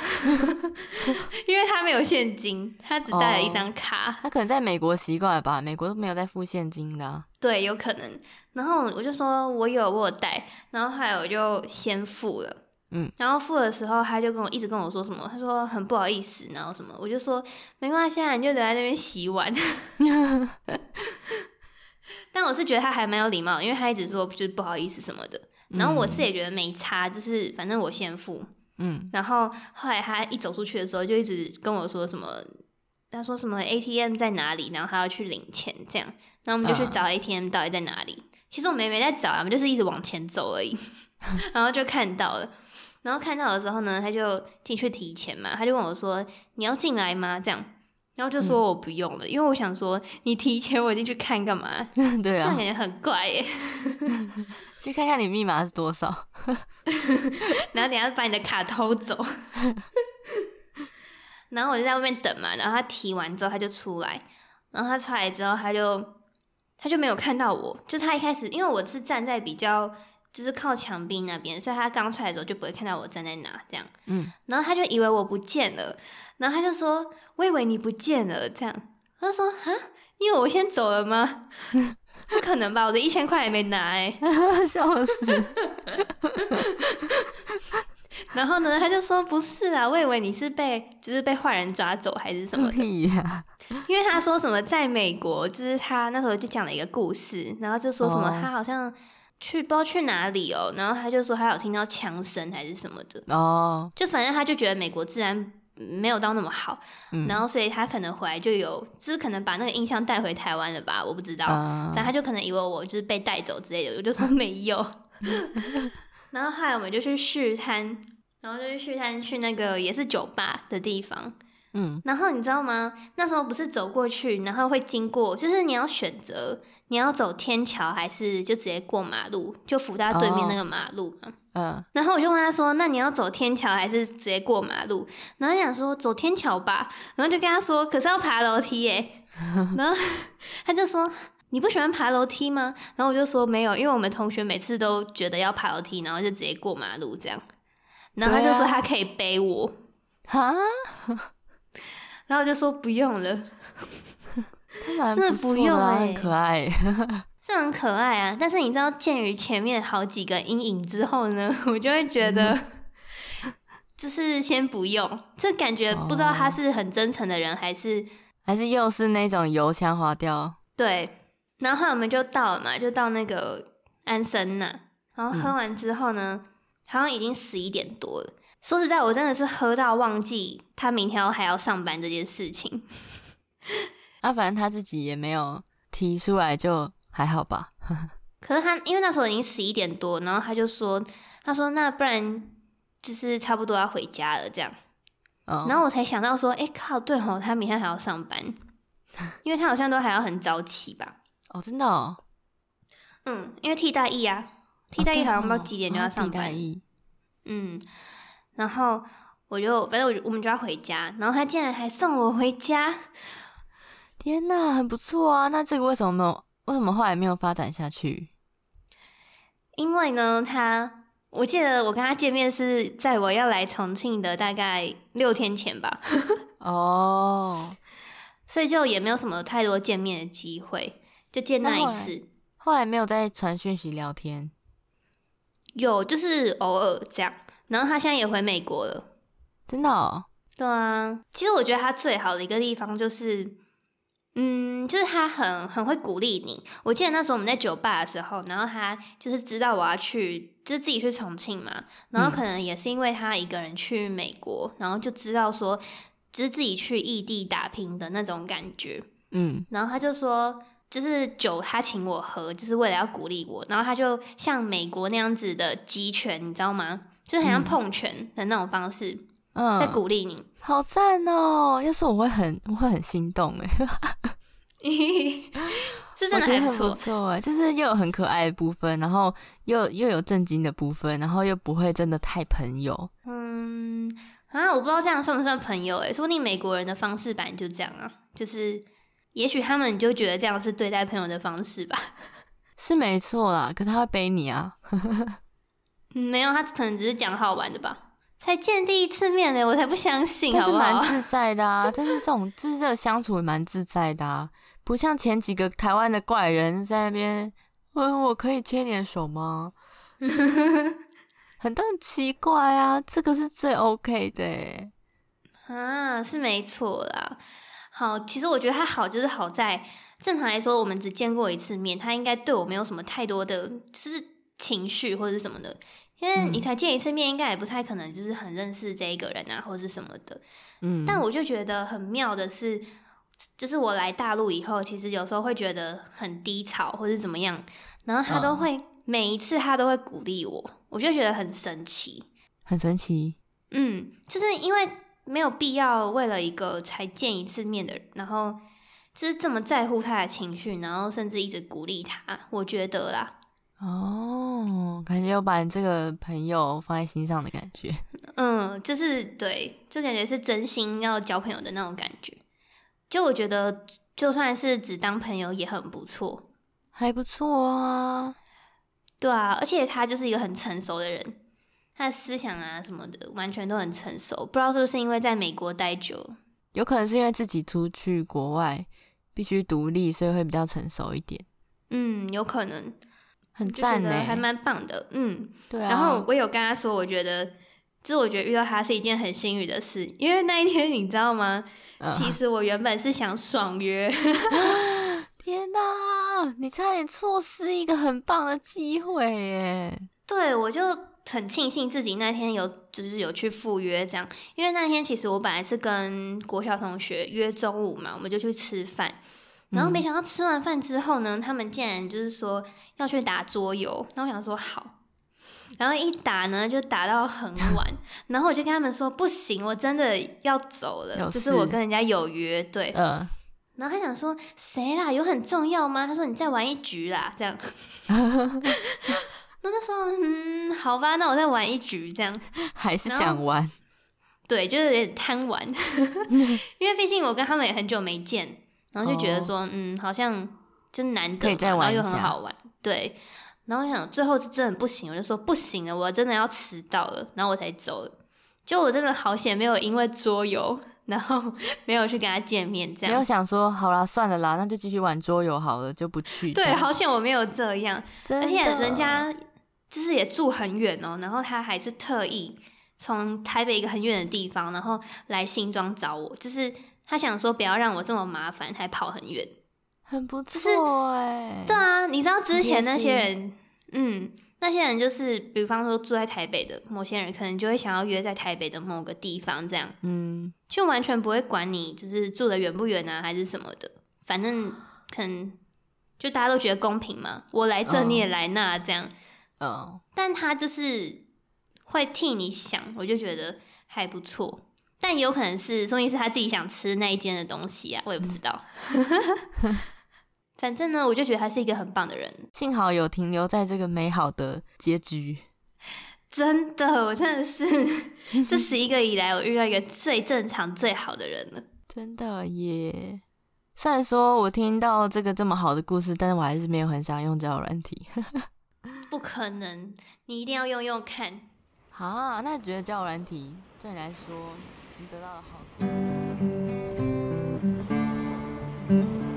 因為他沒有現金，他只帶了一張卡。Oh. 他可能在美國習慣吧？美國都沒有在付現金的、啊。對，有可能。然後我就說我有，我有帶，然後還有就先付了。嗯，然後付的時候，他就跟我一直跟我說什麼，他說很不好意思，然後什麼，我就說沒關係啊，現在你就留在那邊洗碗。 但我是覺得他還蠻有禮貌，因為他一直說就是不好意思什麼的。然後我自己也覺得沒差，就是反正我先付，嗯。然後後來他一走出去的時候，就一直跟我說什麼，他說什麼 ATM 在哪裡，然後他要去領錢這樣。那我們就去找 ATM 到底在哪裡。嗯、其實我們沒沒在找，我們就是一直往前走而已。然後就看到了。然後看到的時候呢，他就進去提錢嘛，他就問我說：“你要進來嗎？”這樣，然後就說我不用了，嗯、因為我想說你提錢我進去看幹嘛？ 對啊，這樣感覺很怪耶。 去看看你密碼是多少， 然後等下把你的卡偷走。 然後我就在外面等嘛，然後他提完之後他就出來，然後他出來之後他就他就沒有看到我，就他一開始因為我是站在比較。就是靠牆壁那邊，所以他剛出來的時候就不會看到我站在哪這樣。嗯，然後他就以為我不見了，然後他就說：“我以為你不見了。”這樣，他就說：“啊，你以為我先走了嗎？ 不可能吧，我的一千塊還沒拿、欸。”哎，笑死！ 然後呢，他就說：“不是啊，我以為你是被……就是被壞人抓走還是什麼的。啊”因為他說什麼在美國，就是他那時候就講了一個故事，然後就說什麼他好像。去不知道去哪裡哦，然後他就說他有聽到槍聲還是什麼的哦，Oh. 就反正他就覺得美國治安沒有到那麼好，嗯，然後所以他可能回來就有，只是可能把那個印象帶回台灣了吧，我不知道。Uh. 反正他就可能以為我就是被帶走之類的，我就說沒有。 然後後來我們就去續攤，然後就去續攤去那個也是酒吧的地方，嗯。然後你知道嗎？那時候不是走過去，然後會經過，就是你要選擇。你要走天橋還是就直接過馬路？就扶他對面那個馬路嘛。Oh. Uh. 然後我就問他說：“那你要走天橋還是直接過馬路？”然後他想說走天橋吧，然後就跟他說：“可是要爬樓梯耶。”然後他就說：“你不喜歡爬樓梯嗎？”然後我就說：“沒有，因為我們同學每次都覺得要爬樓梯，然後就直接過馬路這樣。”然後他就說他可以背我。啊。然後我就說不用了。的真的不用、欸、很可愛、欸， 是很可愛啊。但是你知道，鑑於前面好幾個陰影之後呢，我就會覺得，嗯、 就是先不用。這感覺不知道他是很真誠的人，哦、還是還是又是那種油腔滑調。對。然後我們就到了嘛，就到那個安森那、啊。然後喝完之後呢，嗯、好像已經十一點多了。說實在，我真的是喝到忘記他明天還要上班這件事情。 啊，反正他自己也沒有提出來，就還好吧。 可是他因為那時候已經十一點多，然後他就說：“他說那不然就是差不多要回家了。”這樣、哦，然後我才想到說：“誒、欸，靠，對吼、哦，他明天還要上班， 因為他好像都還要很早起吧？”哦，真的、哦，嗯，因為替大役啊，替代役好像不知道幾點就要上班。哦哦哦、替代役嗯，然後我就反正我就我們就要回家，然後他竟然還送我回家。天吶，很不錯啊！那這個為什麼沒有？為什麼後來沒有發展下去？因為呢，他我記得我跟他見面是在我要來重慶的大概六天前吧。哦、oh. 所以就也沒有什麼太多見面的機會，就見那一次。後來，後來沒有再傳訊息聊天？有，就是偶爾這樣。然後他現在也回美國了，真的、哦？對啊。其實我覺得他最好的一個地方就是。嗯，就是他很很會鼓勵你。我記得那時候我們在酒吧的時候，然後他就是知道我要去，就是自己去重慶嘛，然後可能也是因為他一個人去美國，嗯，然後就知道說，就是自己去異地打拼的那種感覺。嗯，然後他就說，就是酒他請我喝，就是為了要鼓勵我。然後他就像美國那樣子的擊拳，你知道嗎？就很像碰拳的那種方式。嗯嗯、在鼓勵你，好讚哦、喔！要是我會很，我會很心動哎、欸， 是真的還不錯，不錯哎，就是又有很可愛的部分，然後又又有正經的部分，然後又不會真的太朋友。嗯，啊，我不知道這樣算不算朋友哎、欸，說不定美國人的方式本來就這樣啊，就是也許他們就覺得這樣是對待朋友的方式吧，是沒錯啦。可是他會背你啊、 嗯，沒有，他可能只是講好玩的吧。才見第一次面嘞，我才不相信。就是蠻自在的啊， 但是這種知熱、就是、相處蠻自在的啊，不像前幾個台灣的怪人在那邊問我可以牽點手嗎？ 很多人奇怪啊，這個是最 OK 的、欸、啊，是沒錯啦。好，其實我覺得他好就是好在，正常來說我們只見過一次面，他應該對我沒有什麼太多的就是情緒或者什麼的。因為你才見一次面，應該也不太可能就是很認識這一個人啊，或者是什麼的。嗯，但我就覺得很妙的是，就是我來大陸以後，其實有時候會覺得很低潮或者怎麼樣，然後他都會、嗯、每一次他都會鼓勵我，我就覺得很神奇，很神奇。嗯，就是因為沒有必要為了一個才見一次面的人，然後就是這麼在乎他的情緒，然後甚至一直鼓勵他。我覺得啦。哦，感覺有把你這個朋友放在心上的感覺，嗯，就是對，就感覺是真心要交朋友的那種感覺。就我覺得，就算是只當朋友也很不錯，還不錯啊。對啊，而且他就是一個很成熟的人，他的思想啊什麼的完全都很成熟。不知道是不是因為在美國待久，有可能是因為自己出去國外必須獨立，所以會比較成熟一點。嗯，有可能。很贊、欸，就是、的，還蠻棒的，嗯，對、啊、然後我有跟他說，我覺得，自我覺得遇到他是一件很幸運的事，因為那一天你知道嗎？Uh. 其實我原本是想爽約。 天哪、啊，你差點錯失一個很棒的機會耶！對，我就很慶幸自己那天有，就是有去赴約這樣，因為那天其實我本來是跟國小同學約中午嘛，我們就去吃飯。然後沒想到吃完飯之後呢，他們竟然就是說要去打桌遊，嗯。那我想說好，然後一打呢就打到很晚。 然後我就跟他們說不行，我真的要走了，就是我跟人家有約。對，呃、然後他想說誰啦？有很重要嗎？他說你再玩一局啦，這樣。 那個時候，嗯好吧，那我再玩一局這樣。還是想玩，對，就是有點貪玩， 因為畢竟我跟他們也很久沒見。然後就覺得說，oh, 嗯，好像就難得，然後又很好玩，對。然後想最後是真的不行，我就說不行了，我真的要遲到了，然後我才走了。就我真的好險，沒有因為桌遊，然後沒有去跟他見面，這樣，沒有想說，好了，算了啦，那就繼續玩桌遊好了，就不去。對，好險我沒有這樣，而且人家就是也住很遠哦，然後他還是特意從台北一個很遠的地方，然後來新莊找我，就是。他想說不要讓我這麼麻煩，還跑很遠，很不錯哎、欸。對啊，你知道之前那些人，嗯，那些人就是，比方說住在台北的某些人，可能就會想要約在台北的某個地方，這樣，嗯，就完全不會管你就是住的遠不遠啊，還是什麼的，反正可能就大家都覺得公平嘛，我來這你也來那這樣，嗯、哦，但他就是會替你想，我就覺得還不錯。但也有可能是所以是他自己想吃那一間的東西啊，我也不知道。 反正呢，我就覺得他是一個很棒的人。幸好有停留在這個美好的結局。真的，我真的是 這十一個以來，我遇到一個最正常、最好的人了。真的耶！雖然說我聽到這個這麼好的故事，但是我還是沒有很想用交友軟體。 不可能，你一定要用用看。好、啊，那你覺得交友軟體對你來說？你得到了好處。